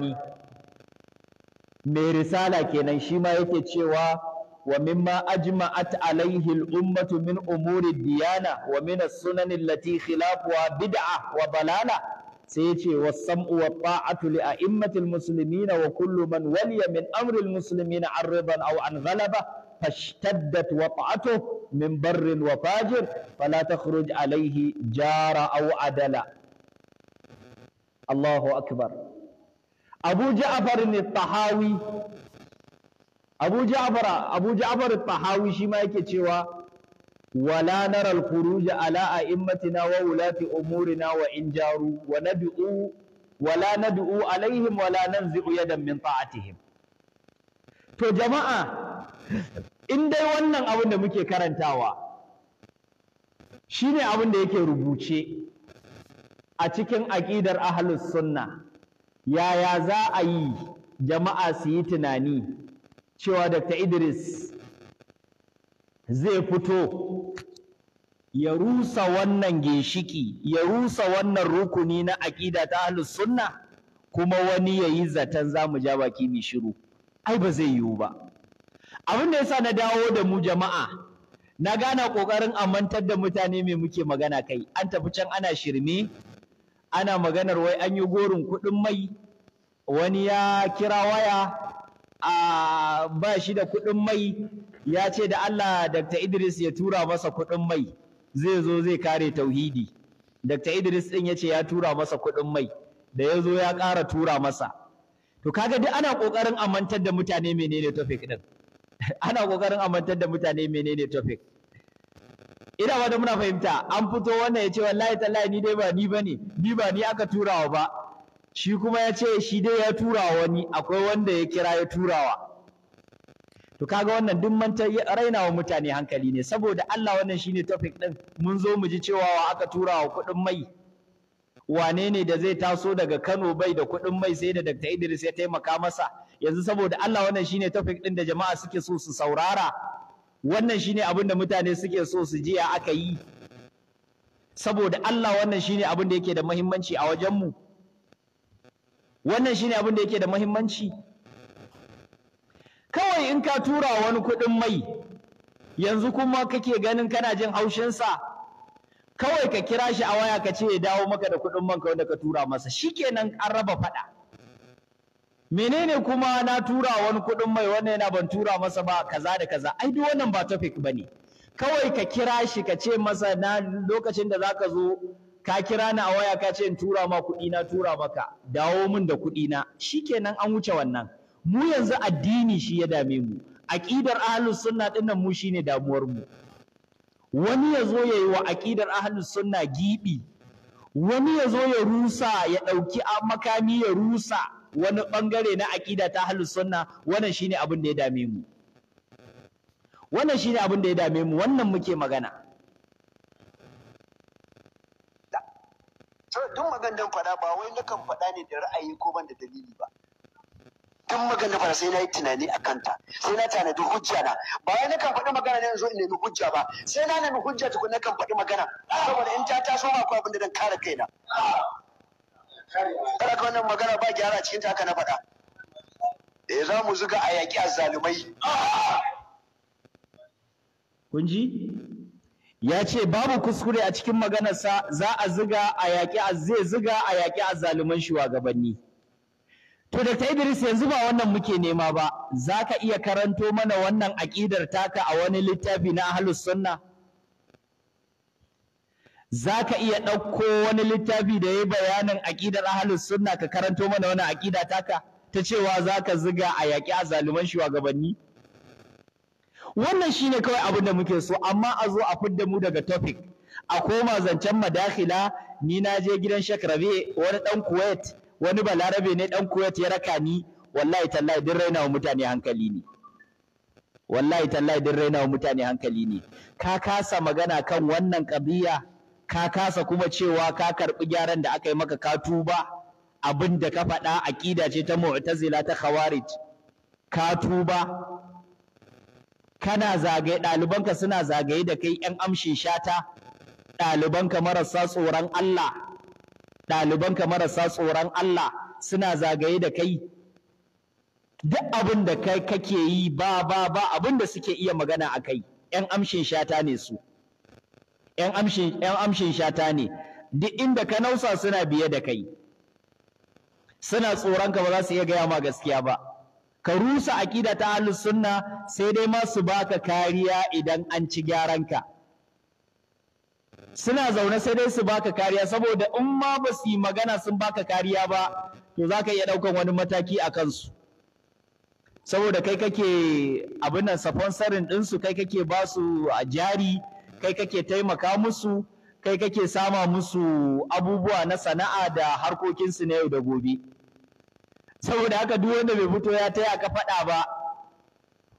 mai risala kenan shi ma yake cewa wa mimma ajma'at alaihi al-ummatu min umuri diyana wa min as-sunan allati khilafuha bid'ah wa balala sai ce wa sam'u wa ta'atu li a'immatil muslimin wa kullu man waliya min amril muslimin an ridan aw an ghalaba fashtaddat wata'atu min barrin wa fajir fala takhruj alayhi jara aw adala Allahu akbar Abu Ja'far al-Tahawi Abu Ja'far Abu Ja'far tahawi shi ma yake cewa ولا نرى الخروج على أئمتنا وولاة أمورنا وإن جاروا وندعو ولا ندعو عليهم ولا ننزع يدا من طاعتهم to jama'a in dai wannan abin da muke karantawa shine abin da yake rubuce a cikin aƙidar ahlus sunna yaya za a yi jama'a su yi tunani cewa Dr. Idris zai fito ya rusa wannan ginshiki ya rusa wannan rukuni na aƙida ta ahlus sunna kuma wani ya yi zaton za mu ja baki mai shiru ai ba zai yiwu ba abin da yasa na dawo da mu jama'a na gane ƙoƙarin amantar da mutane mai muke magana kai an tafi can ana shirme ana maganar wai an yi gorin kuɗin mai wani ya kira waya a ba shi da kuɗin mai ya ce da Allah Dr. Idris ya tura masa kuɗin mai zai zo zai kare tauhidi Dr. Idris ɗin ya ce ya tura masa kuɗin mai da ya zo ya ƙara tura masa to kaga duk ana ƙoƙarin amantar da mutane menene tofik ɗin (laughs) ana ƙoƙarin amantar da mutane menene tofik. ina wata muna fahimta an fito wannan ya ce wallahi tallahi ni dai ba ni bane ni ba ni aka turawa ba shi kuma ya ce shi dai ya turawa wani akwai wanda ya kira ya turawa to kaga wannan duk manta wa mutane hankali ne saboda Allah wannan shine topic din mun zo mu ji cewa wa aka tura wa kuɗin mai wane ne da zai taso daga Kano bai da kuɗin mai sai da Dr. Idris ya taimaka masa yanzu saboda Allah wannan shine topic din da jama'a suke so su saurara wannan shine abin da mutane suke so su ji ya aka yi saboda Allah wannan shine abin da yake da muhimmanci a wajen mu. wannan shine abin da yake da muhimmanci kawai in ka tura wani kuɗin mai yanzu kuma kake ganin kana jin haushinsa kawai ka kira shi a waya ka ce ya dawo maka da kuɗin man wanda ka tura masa shikenan an raba faɗa menene kuma na tura wani kuɗin mai wannan yana ban tura masa ba kaza da kaza ai duk wannan ba topic bane kawai ka kira shi ka ce masa na lokacin da zaka zo ka kira ni a waya ka ce in tura ma kuɗi na tura maka dawo min da kuɗi na shikenan an wuce wannan mu yanzu addini shi ya dame mu aƙidar ahlus sunna ɗinnan mu shine damuwar mu wani ya zo ya yi wa aƙidar ahlus sunna giɓi wani ya zo ya rusa ya ɗauki makami ya rusa wani ɓangare na aƙida ta ahlus sunna wannan shine abin da ya dame mu wannan shine abin da ya dame mu wannan muke magana duk magandan faɗa ba wai nakan faɗa ne da ra'ayi ko ban da dalili ba duk magana fara sai na yi tunani a kanta sai na tanadi hujja na ba wai na kan faɗi magana ne zo in nemi hujja ba sai na nemi hujja tukun na kan faɗi magana saboda in ta taso ma ko abinda zan dan kare kaina kada ka wannan magana ba gyara cikin ta haka na faɗa eh za mu zuga a yaƙi a kun ji ya ce babu kuskure a cikin maganarsa za a ziga a yaƙi a zai ziga a yaƙi a zaluman shugabanni to ta Idris yanzu ba wannan muke nema ba za ka iya karanto mana wannan aƙidar taka a wani littafi na ahlus sunna za ka iya ɗauko wani littafi da ya yi bayanin aƙidar ahlus sunna ka karanto mana wani aƙida taka ta cewa za ka ziga a yaƙi a zaluman shugabanni wannan shi ne kawai abin da muke so amma a zo a fidda mu daga topic a koma zancen madakhila ni na je gidan shakrabe wani ɗan Kuwait wani balarabe ne dan kuwait ya raka ni wallahi tallahi din raina wa mutane hankali ne wallahi tallahi din raina wa mutane hankali ne ka kasa magana kan wannan ƙabiya ka kasa kuma cewa ka karbi gyaran da aka yi maka ka tuba abin da ka faɗa aƙida ce ta mu'tazila ta khawarij ka tuba kana zagaye ɗalibanka suna zagaye da kai 'yan amshin shata ɗalibanka marasa tsoron Allah ɗalibanka marasa tsoron Allah suna zagaye da kai duk abin da kai kake yi ba ba ba abin da suke iya magana a kai ‘yan amshin shata ne su ‘yan amshin shata ne duk inda ka nausa suna biye da kai suna tsoronka ba za su iya gaya ma gaskiya ba ka rusa aƙida ta ahlus sunna sai dai ma su baka kariya idan an ci gyaran ka suna zaune sai dai su baka kariya saboda in ma ba su yi magana sun baka kariya ba to za ka iya ɗaukan wani mataki a kansu saboda kai kake abin nan sponsorin ɗinsu kai kake ba su a jari kai kake taimaka musu kai kake sama musu abubuwa na sana'a da harkokinsu na yau da gobe saboda haka duk wanda bai fito ya taya ka faɗa ba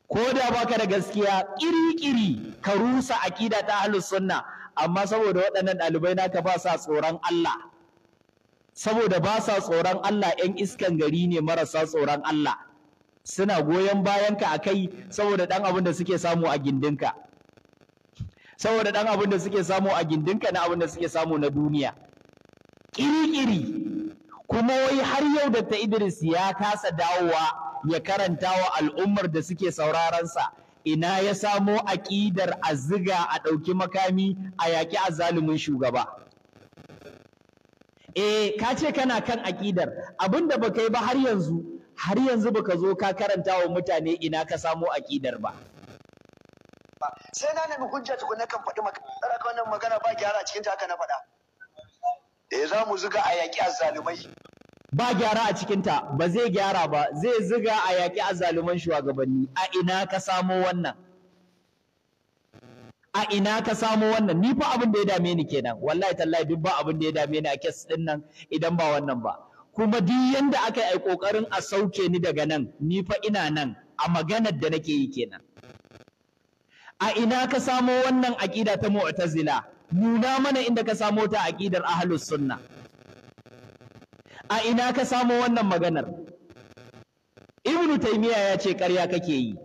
ko da baka da gaskiya ƙiri-ƙiri ka rusa aƙida ta ahlus sunna amma saboda waɗannan ɗalibai naka ba sa tsoron Allah saboda ba sa tsoron Allah 'yan iskan gari ne marasa tsoron Allah suna goyon bayanka a kai saboda ɗan abin da suke samu a gindinka saboda ɗan abin da suke samu a gindinka na abin da suke samu na duniya ƙiri-ƙiri kuma wai har yau da ta Idris ya kasa dawowa ya karanta wa al'ummar da suke sauraronsa ina ya samo aƙidar a ziga a ɗauki makami a yaƙi a zalumin shugaba E, ka ce kana kan aƙidar abinda ba kai ba har yanzu har yanzu ka zo ka karanta wa mutane ina ka samo aƙidar ba sai na nemi hujja tukun kan faɗi magana wannan magana ba gyara cikin ta haka na faɗa eh za mu ziga a yaƙi a zalumai. ba gyara a cikinta ba zai gyara ba zai ziga a yaƙi azzaluman shugabanni a ina ka samo wannan a ina ka samo wannan ni fa abin da ya dame ni kenan wallahi tallahi duk ba abin da ya dame ni a kes din nan idan ba wannan ba kuma duk yanda aka yi kokarin a sauke ni daga nan ni fa ina nan a maganar da nake yi kenan a ina ka samo wannan aqida ta mu'tazila nuna mana inda ka samo ta aqidar ahlus sunna a ina ka samu wannan maganar ibnu taymiya ya ce ƙarya kake yi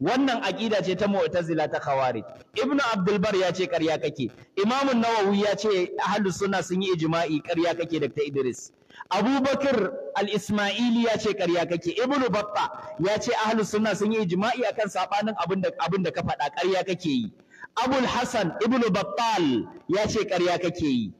wannan aƙida ce ta mu'tazila ta khawarij ibnu abdul bar ya ce ƙarya kake imamu nawawi ya ce ahlus sunna sun yi ijma'i ƙarya kake dr idris abubakar al-ismaili ya ce ƙarya kake ibnu batta ya ce ahlus sunna sun yi ijma'i akan sabanin abin da abin da ka faɗa ƙarya kake yi abul hasan ibnu battal ya ce ƙarya kake yi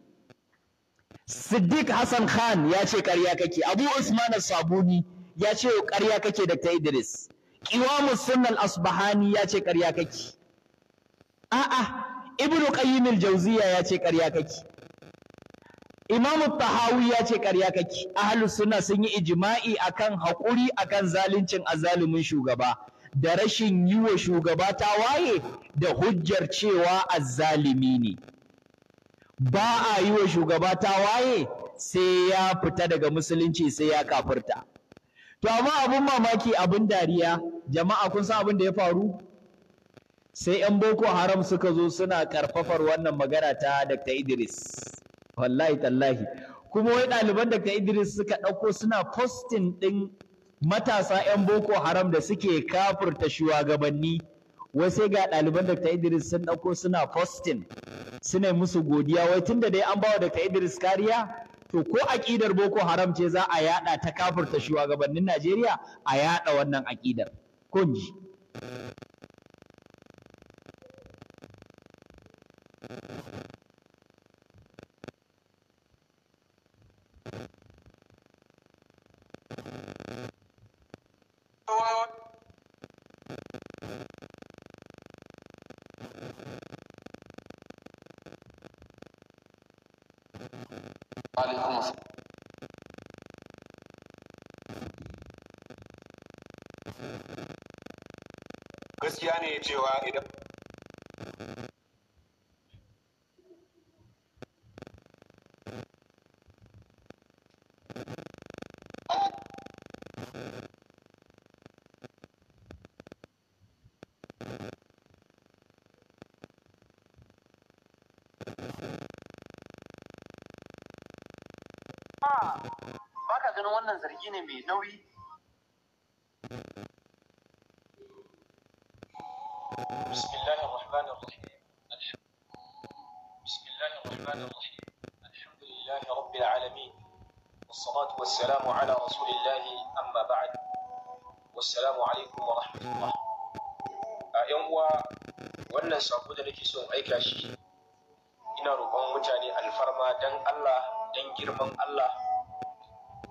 Siddiq Hassan Khan ya ce ƙarya kake Abu Usman Sabuni ya ce ƙarya kake da ta Idris Qiwamu Sunan Asbahani ya ce ƙarya kake a'a Ibn Qayyim al ya ce ƙarya kake Imam Tahawi ya ce ƙarya kake Ahlus Sunna sun yi ijma'i akan haƙuri akan zaluncin azalumin shugaba da rashin yiwa wa shugaba waye da hujjar cewa azzalimi ne ba a yi wa shugaba ta waye sai ya fita daga musulunci sai ya kafirta to amma abin mamaki abin dariya jama'a kun san abin da ya faru sai 'yan boko haram suka zo suna karfafar wannan magana ta dr idris wallahi tallahi kuma wai ɗaliban dr idris suka ɗauko suna postin ɗin matasa 'yan boko haram da suke kafurta shugabanni wai sai ga ɗaliban Dr. Idris sun ɗauko suna fostin suna musu godiya wai tun da dai an bawa Dr. Idris kariya to ko aƙidar Boko Haram ce za a yaɗa ta kafirta shugabannin Najeriya a yaɗa wannan aƙidar ji gaskiya ne cewa idan baka ganin wannan zargi ne mai nauyi shi ina roƙon mutane alfarma don Allah don girman Allah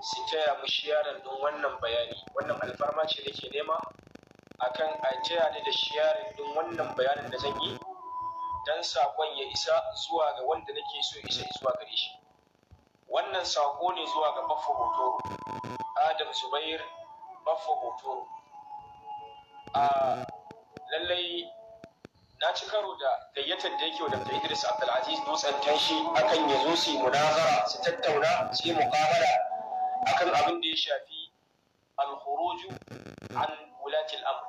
su taya mu shiyaran din wannan bayani wannan alfarma ce nake nema akan a taya ni da shiyaran din wannan bayanin da zan yi don saƙon ya isa zuwa ga wanda nake so isa zuwa gare shi wannan saƙo ne zuwa ga baffa hotoro adam zubair baffa hotoro a ah, lallai na ci karo da gayyatar da yake wa Dr. Idris Abdulaziz Dutsen Tanshi akan ya zo su yi munazara su tattauna su yi muqabala akan abin da ya shafi al-khuruju an wulatil amr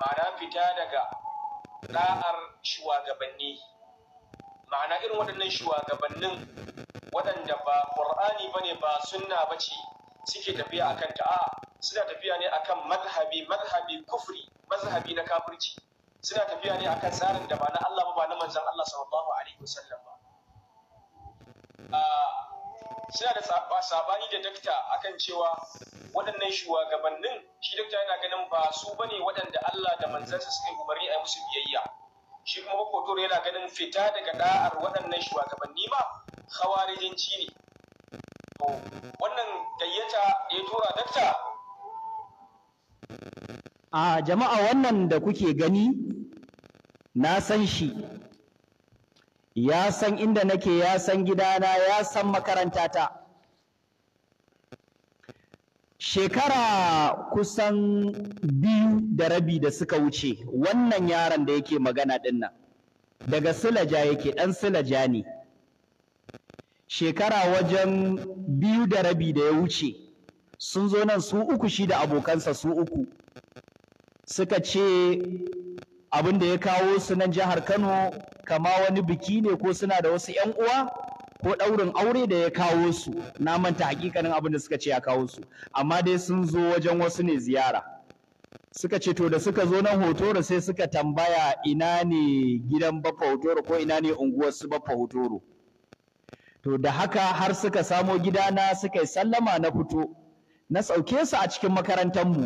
ma'ana fita daga ɗa'ar shugabanni ma'ana irin waɗannan shugabannin waɗanda ba ƙur'ani ba ne ba sunna ba ce suke tafiya akan ta'a suna tafiya ne akan mazhabi mazhabi kufri mazhabi na kafirci suna tafiya ne akan tsarin da ba na Allah ba ba na manzon Allah sallallahu alaihi wasallam ba ah, suna da sabani da dakta akan cewa waɗannan shugabannin shi dakta yana ganin ba su bane waɗanda Allah da manzansa suka yi umarni a musu biyayya shi kuma kokotoro yana ganin fita daga da'ar waɗannan shugabanni ma hawarijinci ne wannan gayyata ya tura dakta a jama'a wannan da kuke gani na san shi ya san inda nake ya san gidana ya san makarantata shekara kusan biyu da rabi da suka wuce wannan yaron da yake magana dinnan daga silaja yake ɗan silaja ne shekara wajen biyu da rabi da ya wuce sun zo nan su uku shi da abokansa su uku suka ce abin da ya kawo su nan jihar Kano kama wani biki ne ko suna da wasu ‘yan uwa ko ɗaurin aure da ya kawo su na manta hakikanin abin da suka ce ya kawo su amma dai sun zo wajen wasu ne ziyara suka ce to da suka zo nan hotoro sai suka tambaya ina ne gidan bafa hotoro ko ina ne unguwar su bafa hotoro to da haka har suka samo gidana suka yi sallama na fito na sauke su a cikin makarantar mu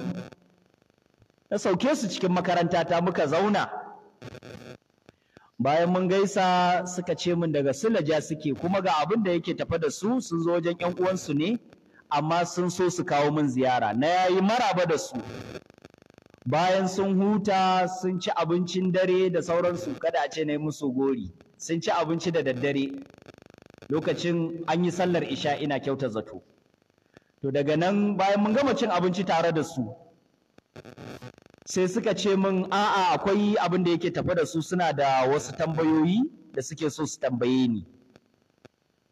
na sauke su cikin makaranta ta muka zauna bayan mun gaisa suka ce min daga silaja suke kuma ga abin da yake tafa da su sun zo wajen yan uwansu ne amma sun so su kawo min ziyara na yayi maraba da su bayan sun huta sun ci abincin dare da sauransu kada a ce na yi musu gori sun ci abinci da daddare lokacin an yi sallar isha ina kyauta zato to daga nan bayan mun gama cin abinci tare da su sai suka ce min a'a akwai abin da yake tafe da su suna da wasu tambayoyi da suke so su tambaye ni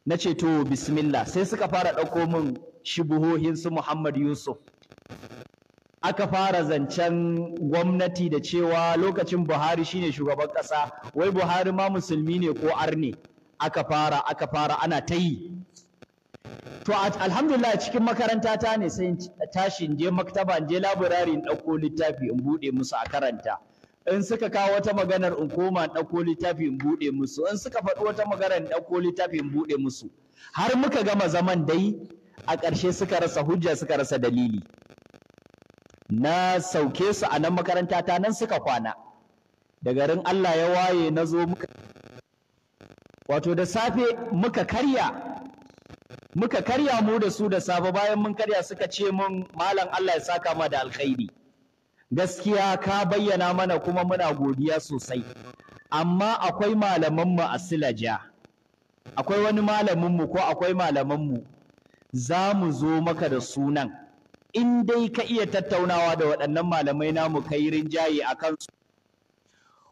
na ce to bismillah sai suka fara ɗauko min shibuhohin su Muhammad Yusuf aka fara zancen gwamnati da cewa lokacin Buhari shine shugaban ƙasa wai Buhari ma musulmi ne ko arne aka fara aka fara ana ta yi to alhamdulillah cikin makaranta ta ne sai tashi in je maktaba in je laburari in ɗauko littafi in buɗe musu a karanta in suka kawo wata maganar in koma in ɗauko littafi in buɗe musu in suka faɗi wata maganar in ɗauko littafi in buɗe musu har muka gama zaman dai a ƙarshe suka rasa hujja suka rasa dalili na sauke su a nan makaranta ta nan suka kwana da garin Allah ya waye na zo muka wato da safe muka karya muka karya mu da su da safe bayan mun karya suka ce mun malam Allah ya saka ma da alkhairi gaskiya ka bayyana mana kuma muna godiya sosai amma akwai mu a silaja akwai wani mu ko akwai mu za mu zo maka da sunan in dai ka iya tattaunawa da waɗannan malamai namu kai rinjaye a kansu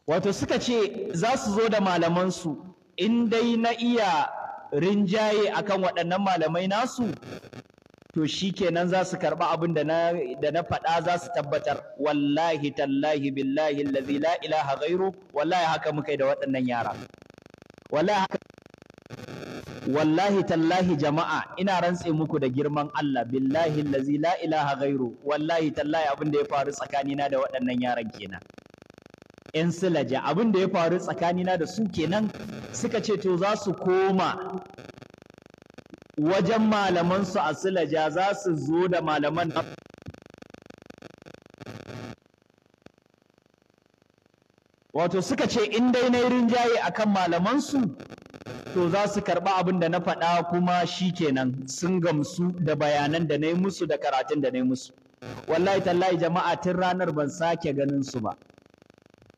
wato suka ce za su zo da malamansu in dai na iya rinjaye akan waɗannan malamai nasu to shi kenan za su karɓi abin da na faɗa za su tabbatar wallahi tallahi billahi allazi la ilaha gairu wallahi haka muka yi da waɗannan yara wallahi tallahi jama'a ina rantse muku da girman Allah billahi allazi la ilaha gairu wallahi tallahi abin da ya faru tsakanina da waɗannan yaran kenan 'yan silaja abin da ya faru tsakanina da su kenan suka ce to za su koma wajen malamansu a silaja za su zo da malaman wato suka ce in dai na yi rinjaye a kan malamansu to za su karɓi abin da na faɗa kuma shi kenan sun gamsu da bayanan da na yi musu da karatun da na yi musu wallahi tallahi jama'a tun ranar ban sake ganin su ba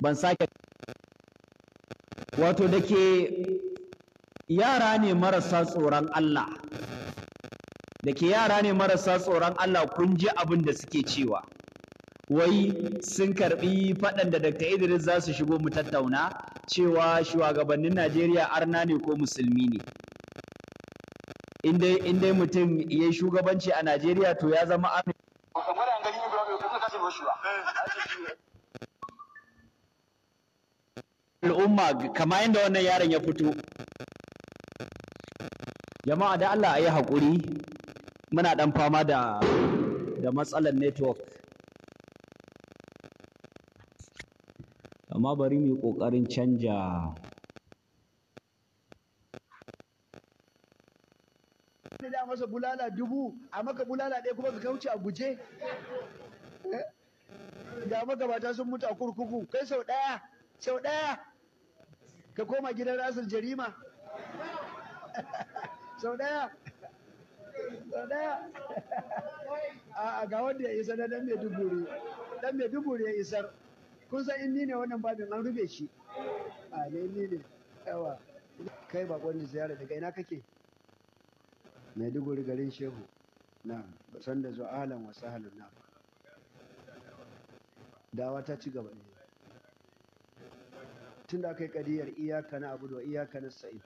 ban sake wato da ke yara ne marasa tsoron Allah da ke yara ne marasa tsoron Allah kun ji abin da suke cewa wai sun karbi faɗan da Dr. Idris za su shigo mu tattauna cewa shugabannin Najeriya arna ne ko musulmi ne in dai mutum ya yi shugabanci a Najeriya to ya zama arna al'umma kama yadda wannan yaron ya fito jama'a da Allah a yi haƙuri muna ɗan fama da da matsalar network amma bari mu yi ƙoƙarin canja da masa bulala dubu a maka bulala ɗaya kuma ka kauce a guje eh? ga magabata sun mutu a kurkuku kai sau ɗaya sau ɗaya ka koma gidan rasul jarima sau daya sau daya a ga wanda ya isa na dan maiduguri dan maiduguri ya isar kun san in ni ne wannan babin an rube shi a ne ni ne yawa kai ba da ziyara daga ina kake maiduguri garin shehu na san da zuwa alan wasu halin na dawa ta ci gaba ne tun da aka yi kadiyar iyaka na abu da iyaka na sa'i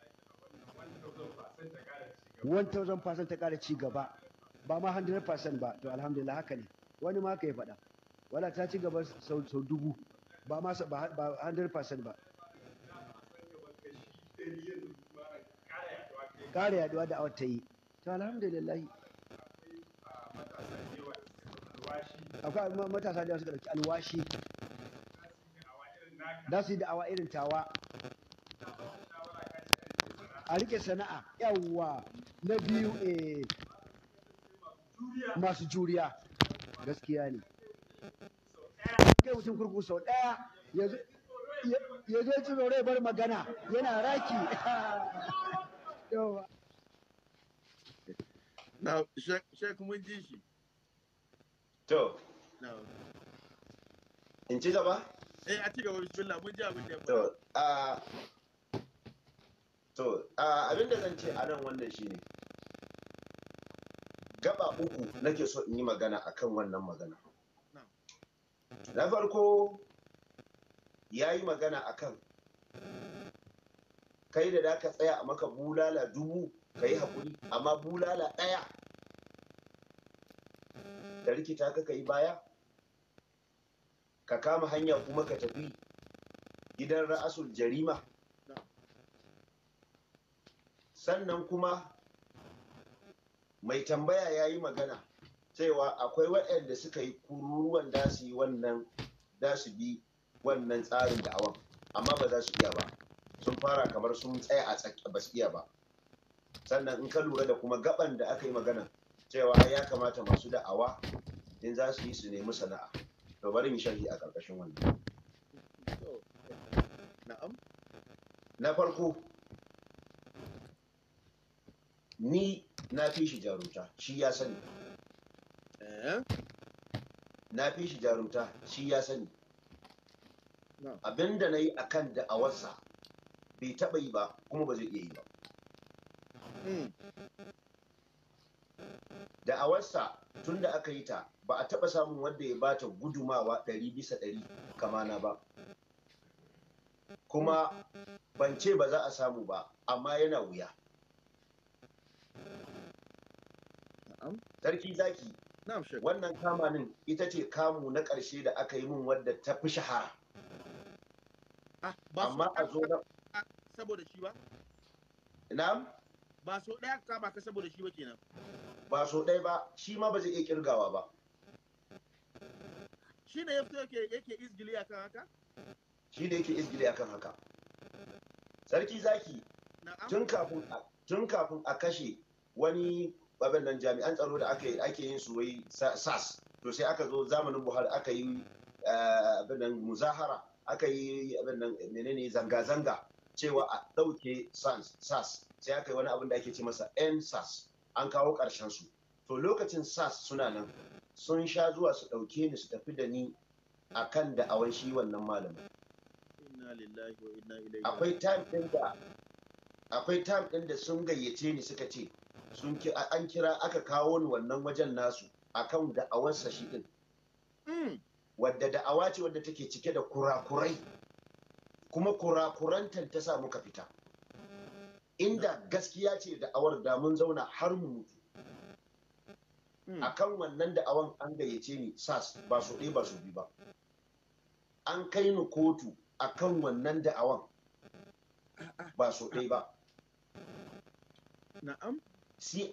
1000% ta kara ci gaba ba ma 100% ba to alhamdulillah haka ne wani ma ka yi faɗa wala ta ci gaba sau dubu ba ma 100% ba kara yaɗuwa da awata yi to alhamdulillah akwai matasa da suka dauki alwashi za su yi da'awa irin tawa a rike sana'a yawwa na biyu eh, masu juriya gaskiya ne kai mutum kurku sau ɗaya ya zo ci zaure bar magana yana raki (laughs) na shek mun ji shi to in ci gaba eh a cigaba bismillah mun ji abin da to a to abin da zan ce a nan wannan shine gaba uku nake so in yi magana akan wannan magana na farko ya yi magana akan kai da da ka tsaya a maka bulala dubu ka yi haƙuri amma bulala ɗaya da rikita ka ka yi baya ka kama hanya kuma ka tafi gidan ra'asul jarima sannan kuma mai tambaya ya yi magana cewa akwai waɗanda suka yi kururuwan da su yi wannan da bi wannan tsarin da'awan amma ba za su iya ba sun fara kamar sun tsaya a tsakiya ba su iya ba sannan in ka lura da kuma gaban da aka yi magana cewa ya kamata masu da'awa in za su yi su nemi sana'a to bari mu sharhi a ƙarƙashin wannan na'am na farko ni na fi shi jarumta shi ya sani eh? na fi shi jarumta shi ya sani abinda na yi a kan da'awarsa bai taɓa yi ba kuma ba zai iya yi ba hmm. da'awarsa tun da aka yi ta ba a taɓa samun wanda ya bata gudumawa ɗari bisa ɗari kamana ba kuma ban ce ba za a samu ba amma yana wuya sarki zaki wannan kamanin ita ce kamu na ƙarshe da aka yi min wadda ta fi shahara ah, amma a zo na saboda shi ba? na ba so ɗaya kama ka saboda shi ba kenan ba so ɗaya ba shi ma ba zai iya kirgawa ba shi ne ya yake izgili akan haka shi ne yake izgili akan haka sarki zaki tun kafin a kashe wani babban nan jami'an tsaro da ake yin su wai sas to sai aka zo zamanin buhari aka yi eh, abin nan muzahara aka yi abin nan menene zanga-zanga cewa a ɗauke sas sai aka yi wani abin da ake ce masa n sas an kawo ƙarshen su to lokacin sas suna nan sun sha zuwa su ɗauke ni su tafi da ni a kan da'awar shi wannan malamin akwai time ɗin da sun gayyace ni suka ce sun an kira aka kawo ni wannan wajen nasu akan da'awarsa shi ɗin hmm. wadda da'awa ce wadda take cike da kurakurai kuma kurakuranta ta samu ka fita inda gaskiya ce awar, da mun zauna har mu mutu hmm. akan wannan da'awan an gayyace ni sas ba su ɗaya ba su bi ba an kai ni kotu akan wannan da'awan ba su ɗaya ba na'am cid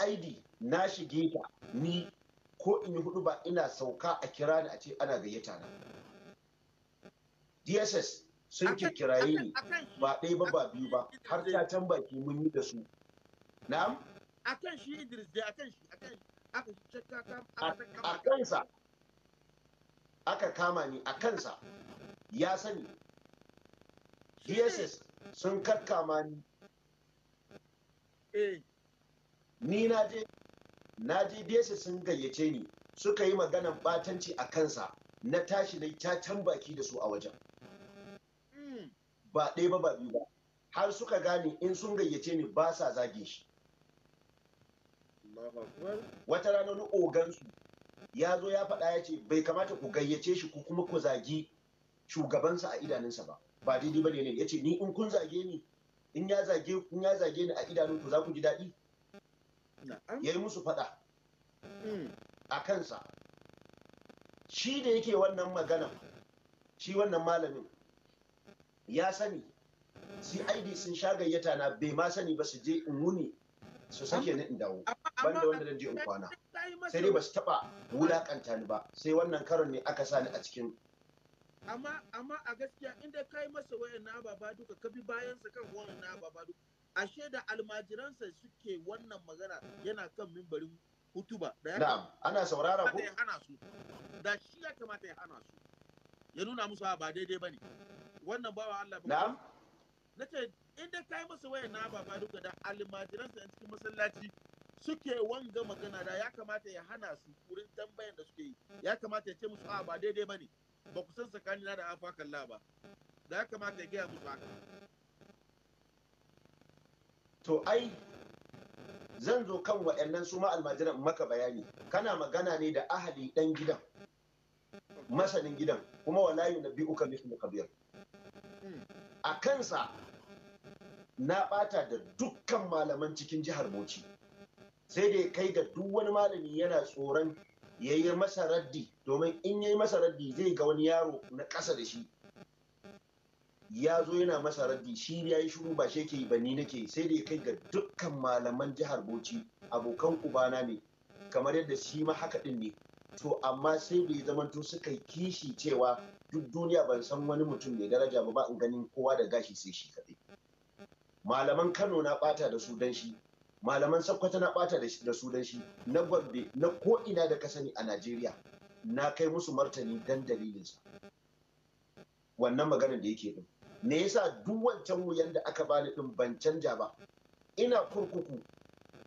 na shige ta ni ko in yi hudu ba ina sauka a kira ni a ce ana gayyata na dss sun kikkiraye ni ba ɗaya ba ba biyu ba har ta can baki mun yi da su na'am akan shi Idris dai akan shi akan aka shakka ka a aka kama ni a sa ya sani DSS sun kakkama ni eh. ni na je na je DSS sun gayyace ni suka yi maganan batanci a kansa na tashi na ta can baki da su a wajen ba ɗaya ba ba biyu ba har suka gane in sun gayyace ni ba sa zage shi wata rana na ogansu ya zo ya faɗa ya ce bai kamata ku gayyace shi ku kuma ku zagi shugabansa a idanunsa ba ba daidai ba ne ya ce ni in kun zage ni in ya zage kun ya zage ni a idanunku za ku ji daɗi ya yi musu faɗa hmm. a kansa shi da yake wannan magana shi wannan malamin ya sani cid sun sha gayyata na bai ma sani ba su je in wuni su sake ni in dawo banda wanda zan je in kwana sai dai ba su taba wulakanta ni ba sai wannan karon ne aka sa ni a cikin amma amma a gaskiya inda kai masa wayan na baba duka ka bi bayan sa kan wayan na baba duka ashe da almajiransa suke wannan magana yana kan mimbarin hutuba da ya na'am ana saurara ko su da shi ya kamata ya hana su ya nuna musu ah, ba daidai bane wannan bawa Allah ba na ce in dai kai masa waya na baba duka da almajiransa cikin masallaci suke wanga magana da ya kamata ya hana su wurin tambayan da suke yi ya kamata ya ce musu a ba daidai bane ba ku san tsakanina na da afa kalla ba da ya kamata ya gaya musu haka to ai zan zo kan waɗannan su ma almajiran maka bayani kana magana ne da ahali ɗan gidan masanin gidan kuma wala uka mithlu kabir. a kansa na bata da dukkan malaman cikin jihar bauchi sai da kai ga duk wani malami yana tsoron ya yi masa raddi domin in ya yi masa raddi zai ga wani yaro na ƙasa da shi ya zo yana masa raddi shi ya yi shuru ba shi ke yi ba ni nake sai da ya kai ga dukkan malaman jihar bauchi abokan ubana ne kamar yadda shi ma haka din ne to amma sai bai zamanto suka kishi cewa duk duniya ban san wani mutum mai daraja ba ba in ganin kowa da gashi sai shi kaɗai malaman kano na bata da su dan shi malaman sakkwata na bata da su dan shi na gombe na ko'ina da kasani a najeriya na kai musu martani dan dalilinsa wannan magana da yake din me yasa duk wancan wuyan da aka bani din ban canja ba ina kurkuku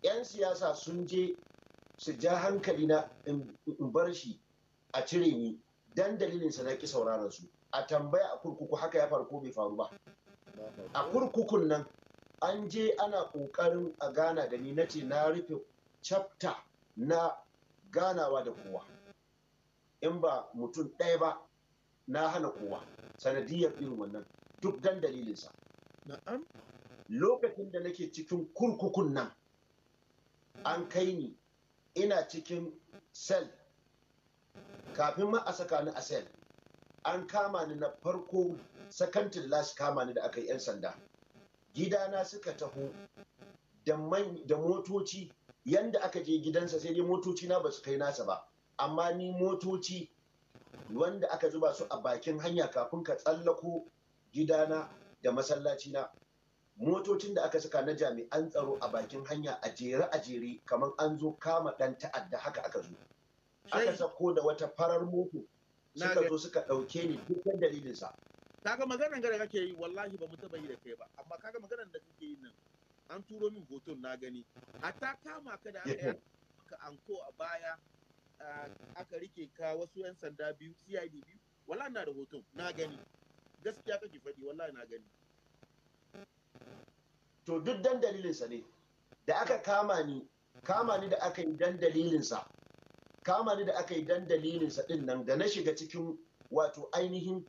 'yan siyasa sun je su ja hankali na in bar shi a cire ni dan dalilinsa na ki sauraron su a tambaya a kurkuku haka ya farko bai faru ba a kurkukun nan an je ana ƙoƙarin a gana da ni na ce na rufe chapter na ganawa da kowa in ba mutum ɗaya ba na hana kowa sanadiyar irin wannan duk dan dalilinsa lokacin da nake cikin kurkukun nan an kai ni ina cikin cell. kafin ma a saka ni a cell, an kama ni na farko sakantin da su kama ni da aka yi 'yan sanda gidana suka taho da motoci yanda aka je gidansa sai dai motoci na ba su kai nasa ba amma ni motoci wanda aka zuba su a bakin hanya kafin ka tsallako gidana da masallaci na motocin da aka saka na jami'an tsaro a bakin hanya a jere a jere kamar an zo kama ɗan ta'adda haka aka zo aka sako da wata farar moto suka zo suka ɗauke ni dukkan dalilinsa kaga maganar gare kake yi wallahi ba mu taba yi da kai ba amma kaga maganar da kake yi nan an turo min hoton na gani hatta kama ka da aka ka anko a baya aka rike ka wasu yan sanda biyu CID biyu wallahi na da hoton na gani gaskiya kake faɗi wallahi na gani to duk dan dalilinsa ne da aka kama ni kama ni da aka yi dan dalilinsa kama ni da aka yi dan dalilinsa din nan da na shiga cikin wato ainihin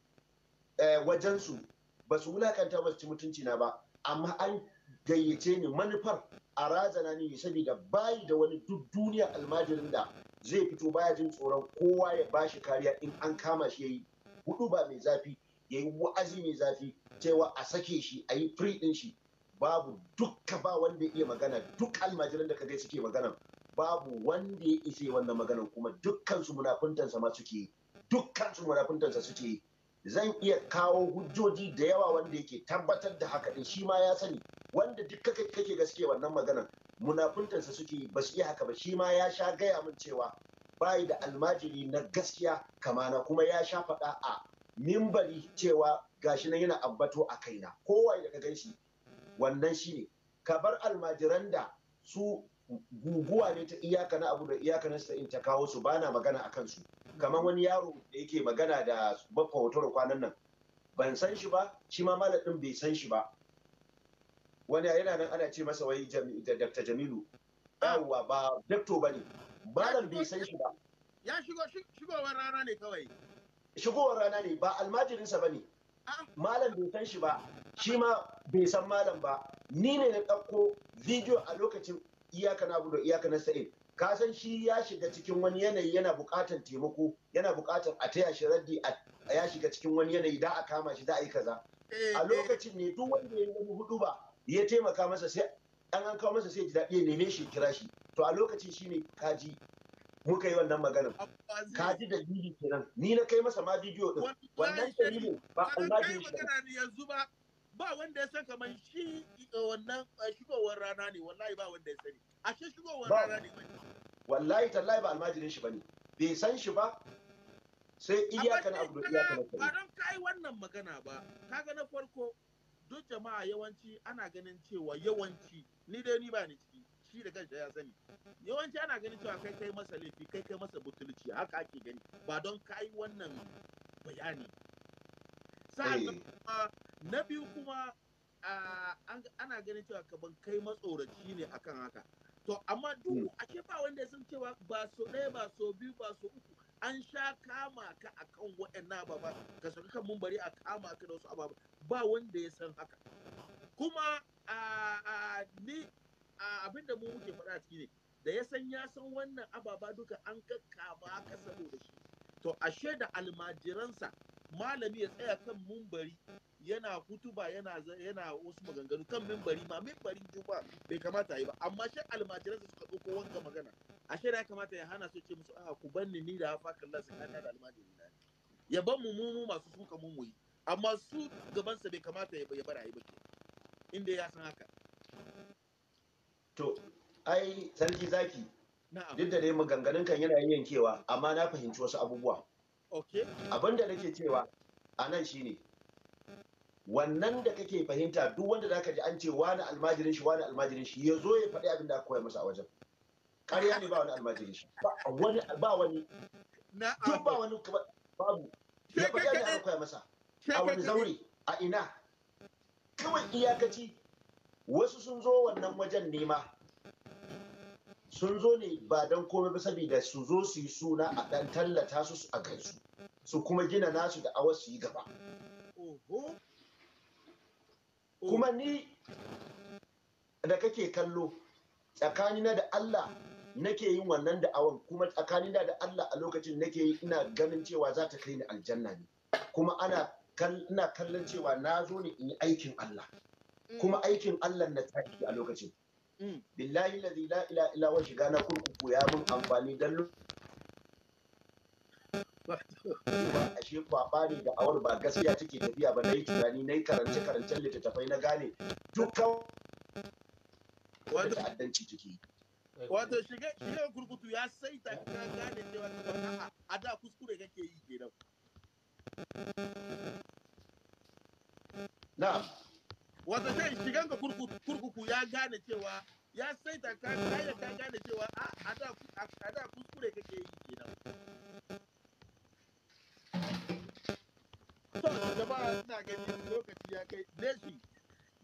eh, wajensu ba su wulakanta ba su ci mutunci na ba amma an gayyace ni manufar a razana ne saboda bayi da wani duk duniya almajirin da zai fito baya jin tsoron kowa ya bashi kariya in an kama shi yayi hudu ba mai zafi yayi wa'azi mai zafi cewa a sake shi a yi free din shi babu dukka ba wanda ya iya magana duk almajiran da kaga suke magana babu wanda ya ishe wannan maganan kuma dukkan su munafuntansa ma suke dukkan su munafuntansa suke zan iya kawo hujjoji da yawa wanda yake tabbatar da haka din shi ma ya sani wanda duk kake kake gaske wannan maganan munafuntansa suke ba su iya haka ba shi ma ya sha gaya min cewa bayi da almajiri na gaskiya kamana kuma ya sha faɗa a mimbari cewa gashi nan yana abbato a kaina kowa daga gan shi wannan ne, ka bar almajiran da su guguwa ne ta iyaka na abu da iyaka na sa'in ta kawo su bana magana a kansu kamar wani yaro da yake magana da bakwa hotar kwanan nan ban san shi ba shi ma ɗin bai san shi ba wani yana nan ana ce masa wai Dr. Jamilu yawwa ba dakto ne. malam bai san shi ba ya shigo shigowar rana ne kawai shigowar rana ne ba almajirinsa ba ne. malam bai san shi ba shi ma bai san malam ba ni ne na ɗauko bidiyo a lokacin iyaka na budo iyaka na sa'id ka san shi ya shiga cikin wani yanayi yana buƙatar taimako yana buƙatar a taya shi raddi a ya shiga cikin wani yanayi da a kama shi da a yi kaza eh, a eh. lokacin ne duk wanda ya yi hudu ba ya taimaka masa sai an an kawo masa sai ji daɗi ya neme shi kira shi to a lokacin shine kaji muka yi wannan magana ka ji dalili kenan ni na kai masa ma bidiyo din wannan dalili ba Allah ya yi magana ne yanzu ba ba wanda ya san kamar shi eh, wannan eh, shigowar rana ne wallahi ba wanda ya sani ashe shigowar rana ne wallahi tallahi ba almajirin shi bane bai san shi ba sai iyaka na abu iyaka na ba don kai wannan magana ba kaga na farko duk jama'a yawanci ana ganin cewa yawanci ni dai ni ba ni ciki shi da kanshi ya sani yawanci ana ganin cewa kai kai masa laifi kai kai masa butulci haka ake gani ba don kai wannan bayani sa'an eh. na biyu kuma ana ganin cewa kaban kai matsoraci ne akan haka to amma duk hmm. ashe ba wanda ya san cewa ba so ɗaya ba so biyu ba so uku an sha kama ka akan waɗannan ababa ka saka kan mun bari a kama ka da wasu ababa ba wanda ya san haka kuma ni a abin da mu muke mm. faɗa ciki ne da ya san ya san wannan ababa duka an kakkaba aka saboda shi to ashe da almajiransa malami ya tsaya kan mumbari yana kutuba yana yana wasu maganganu kan mumbari ma mimbarin juba bai kamata yi ba amma shi almajiransa suka ɗauko wanga magana ashe da ya kamata ya hana su ce musu a ku banni ni da hafa kallon su kana da almajiri na ya ban mu mu masu suka mu mu amma su gabansa bai kamata ya bara yi ba inda ya san haka to ai sarki zaki duk da dai maganganun kan yana yankewa amma na fahimci wasu abubuwa abin da nake cewa a nan shine wannan da kake fahimta duk wanda za ka ji an ce wani almajirin shi wani almajirin shi ya zo ya faɗi abin da aka koya masa a wajen ƙarya ne ba wani almajirin shi ba wani duk ba wani babu ya faɗi abin da aka koya masa a wani zaure a ina kawai iyakaci wasu sun zo wannan wajen nema sun zo ne ba don komai ba saboda su zo su yi suna a ɗan tallata su a kansu su kuma gina nasu da awa su yi gaba kuma ni da kake kallo tsakanina da Allah nake yin wannan da'awan kuma tsakanina da Allah a lokacin nake yi ina ganin cewa za ta kai ni aljanna ne kuma ana ina kallon cewa na zo ne in yi aikin Allah kuma mm. aikin Allah na tashi a lokacin mm. billahi la ila illa wa shiga na kurkuku ya mun amfani dan ashe da awar ba gaskiya take tafiya ba na yi tunani na karance karancen littattafai na gane a da kuskure kake yi kenan na wato sai shigan ka kurkuku ya gane cewa ya sai ta ka ta ka gane cewa a da a da kuskure kake yi kenan to jama'a ina gani lokaci ya kai neshi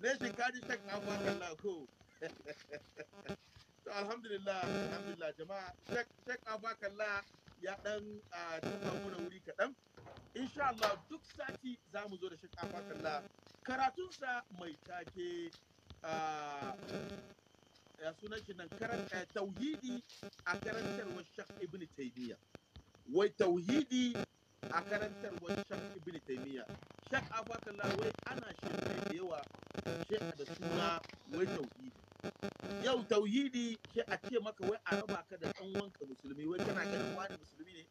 neshi ka ji shan kafa kalla ko (laughs) to alhamdulillah alhamdulillah jama'a shek kafa kalla ya dan tafa da wuri kaɗan insha Allah duk sati za mu zo da shek kafa kalla karatunsa mai take ah, ya sunan shi nan eh, tauhidi a karantarwar shak ibn taymiya wai tauhidi a karantarwar shak ibn taymiya shak abakallah wai ana shirka da yawa shi da suna wai tauhidi yau tauhidi shi a ce maka wai a raba ka da ɗan wanka musulmi wai kana ganin wani musulmi ne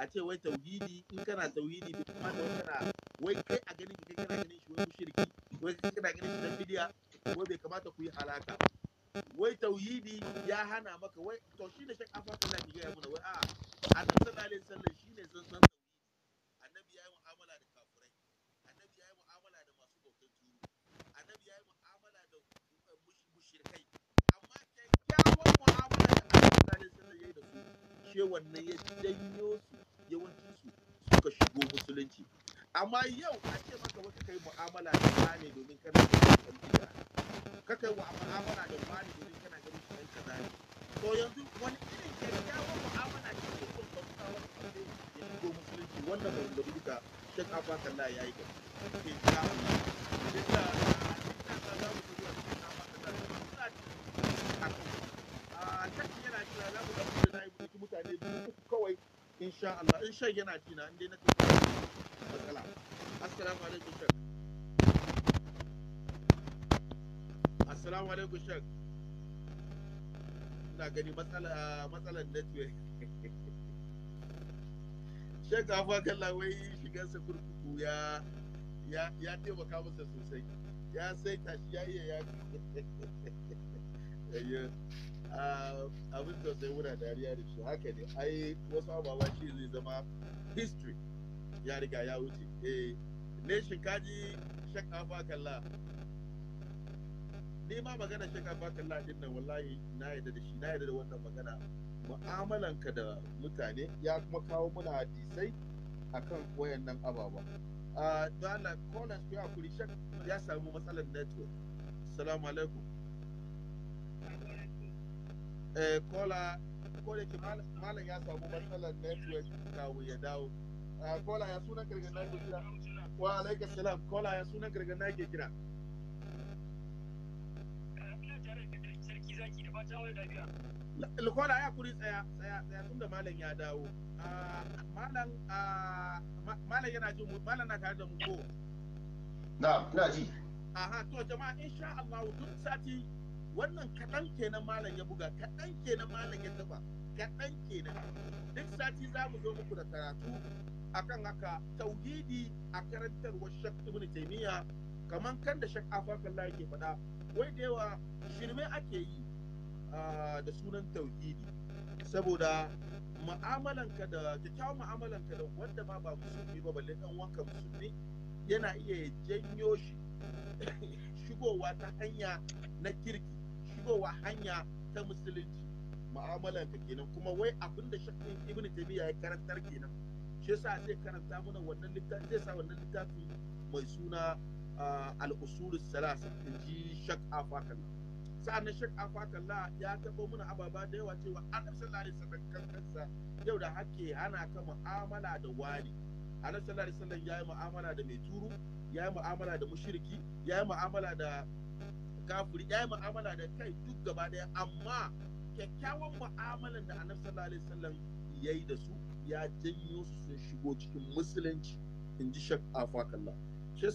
a ce wai tauhidi in kana tauhidi duk kuma da kana wai kai a ganin kai kana ganin shi wai shirki wai kai kana ganin shi dan bidiya wai bai kamata ku yi halaka wai tauhidi ya hana maka wai to shine ne shek afa Allah ya gaya mana wai a annabi sallallahu alaihi wasallam shine san san ashe wannan ya janyo su yawancin su suka shigo musulunci amma yau a ce maka wata kai mu'amala da wani domin kana ganin ɗan bida ka kai wa mu'amala da wani domin kana ganin ɗan kaza ne to yanzu wani irin kyakkyawan mu'amala ce ke kun sauka wani ya shigo musulunci wanda bai da duka shek afa kalla ya yi gaba ke ta Allah duk da duk da za mu zuwa cikin afa kalla suna cikin kashi yana ci na mu ɗauki na yi mutane biyu kawai insha Allah in shan yana na matsala assalamu alaikum shek shek ina gani matsala matsalar network shek afuwa kalla wai shigarsa kurkuku ya ya taimaka masa sosai ya sai tashi ya iya ya abin da sai wuna dariya da shi haka ne ai wasu abawa shi zai zama history ya riga ya wuce eh ne shinkaji shakafa kalla ni ma magana shakafa kalla din nan wallahi na yadda da shi na yadda da wannan magana mu'amalanka da mutane ya kuma kawo muna hadisai akan wayannan ababa a ah, Allah callers ya kuri shak ya samu matsalar network assalamu alaikum Eh, kola ko da ke malam ya samu matsalar network kawo ya dawo ah, kola ya sunan gargar na ke kira wa alaika salam kola ya sunan gargar na ke kira kola ya kuri tsaya tsaya tsaya tun da malam ya dawo ah, malam ah, malam yana jin malam na tare da mu ko na ina ji aha to jama'a insha Allah duk sati wannan kaɗan kenan malam ya buga kaɗan kenan malam ya taɓa kaɗan kenan duk sati za mu zo muku da karatu akan haka tauhidi a karantarwar shak ibn taimiyya kamar kan da shak afakallah yake faɗa wai da yawa shirme ake yi ah, da sunan tauhidi saboda mu'amalanka da kyakkyawan mu'amalanka da wanda ma ba musulmi ba balle dan wanka musulmi yana iya janyo shi (coughs) shigowa ta hanya na kirki shigowa hanya ta musulunci mu'amalar ka kenan kuma wai abin da shakkun ibn tabiya ya karantar kenan shi yasa zai karanta mana wannan littafi zai sa wannan littafi mai suna al-usul salasa ji shak afakan sa'annan shak afakalla ya tabo mana ababa da yawa cewa annabi sallallahu alaihi wasallam kan kansa yau da hake ana ka mu'amala da wani annabi sallallahu alaihi wasallam yayi mu'amala da mai turu yayi mu'amala da mushriki yayi mu'amala da gafuri ya yi ma'amala da kai duk gaba ɗaya, amma kyakkyawan ma'amalan da annabi sallallahu alaihi wasallam ya yi da su ya janyo su sun shigo cikin musulunci in ji shak afakallah shi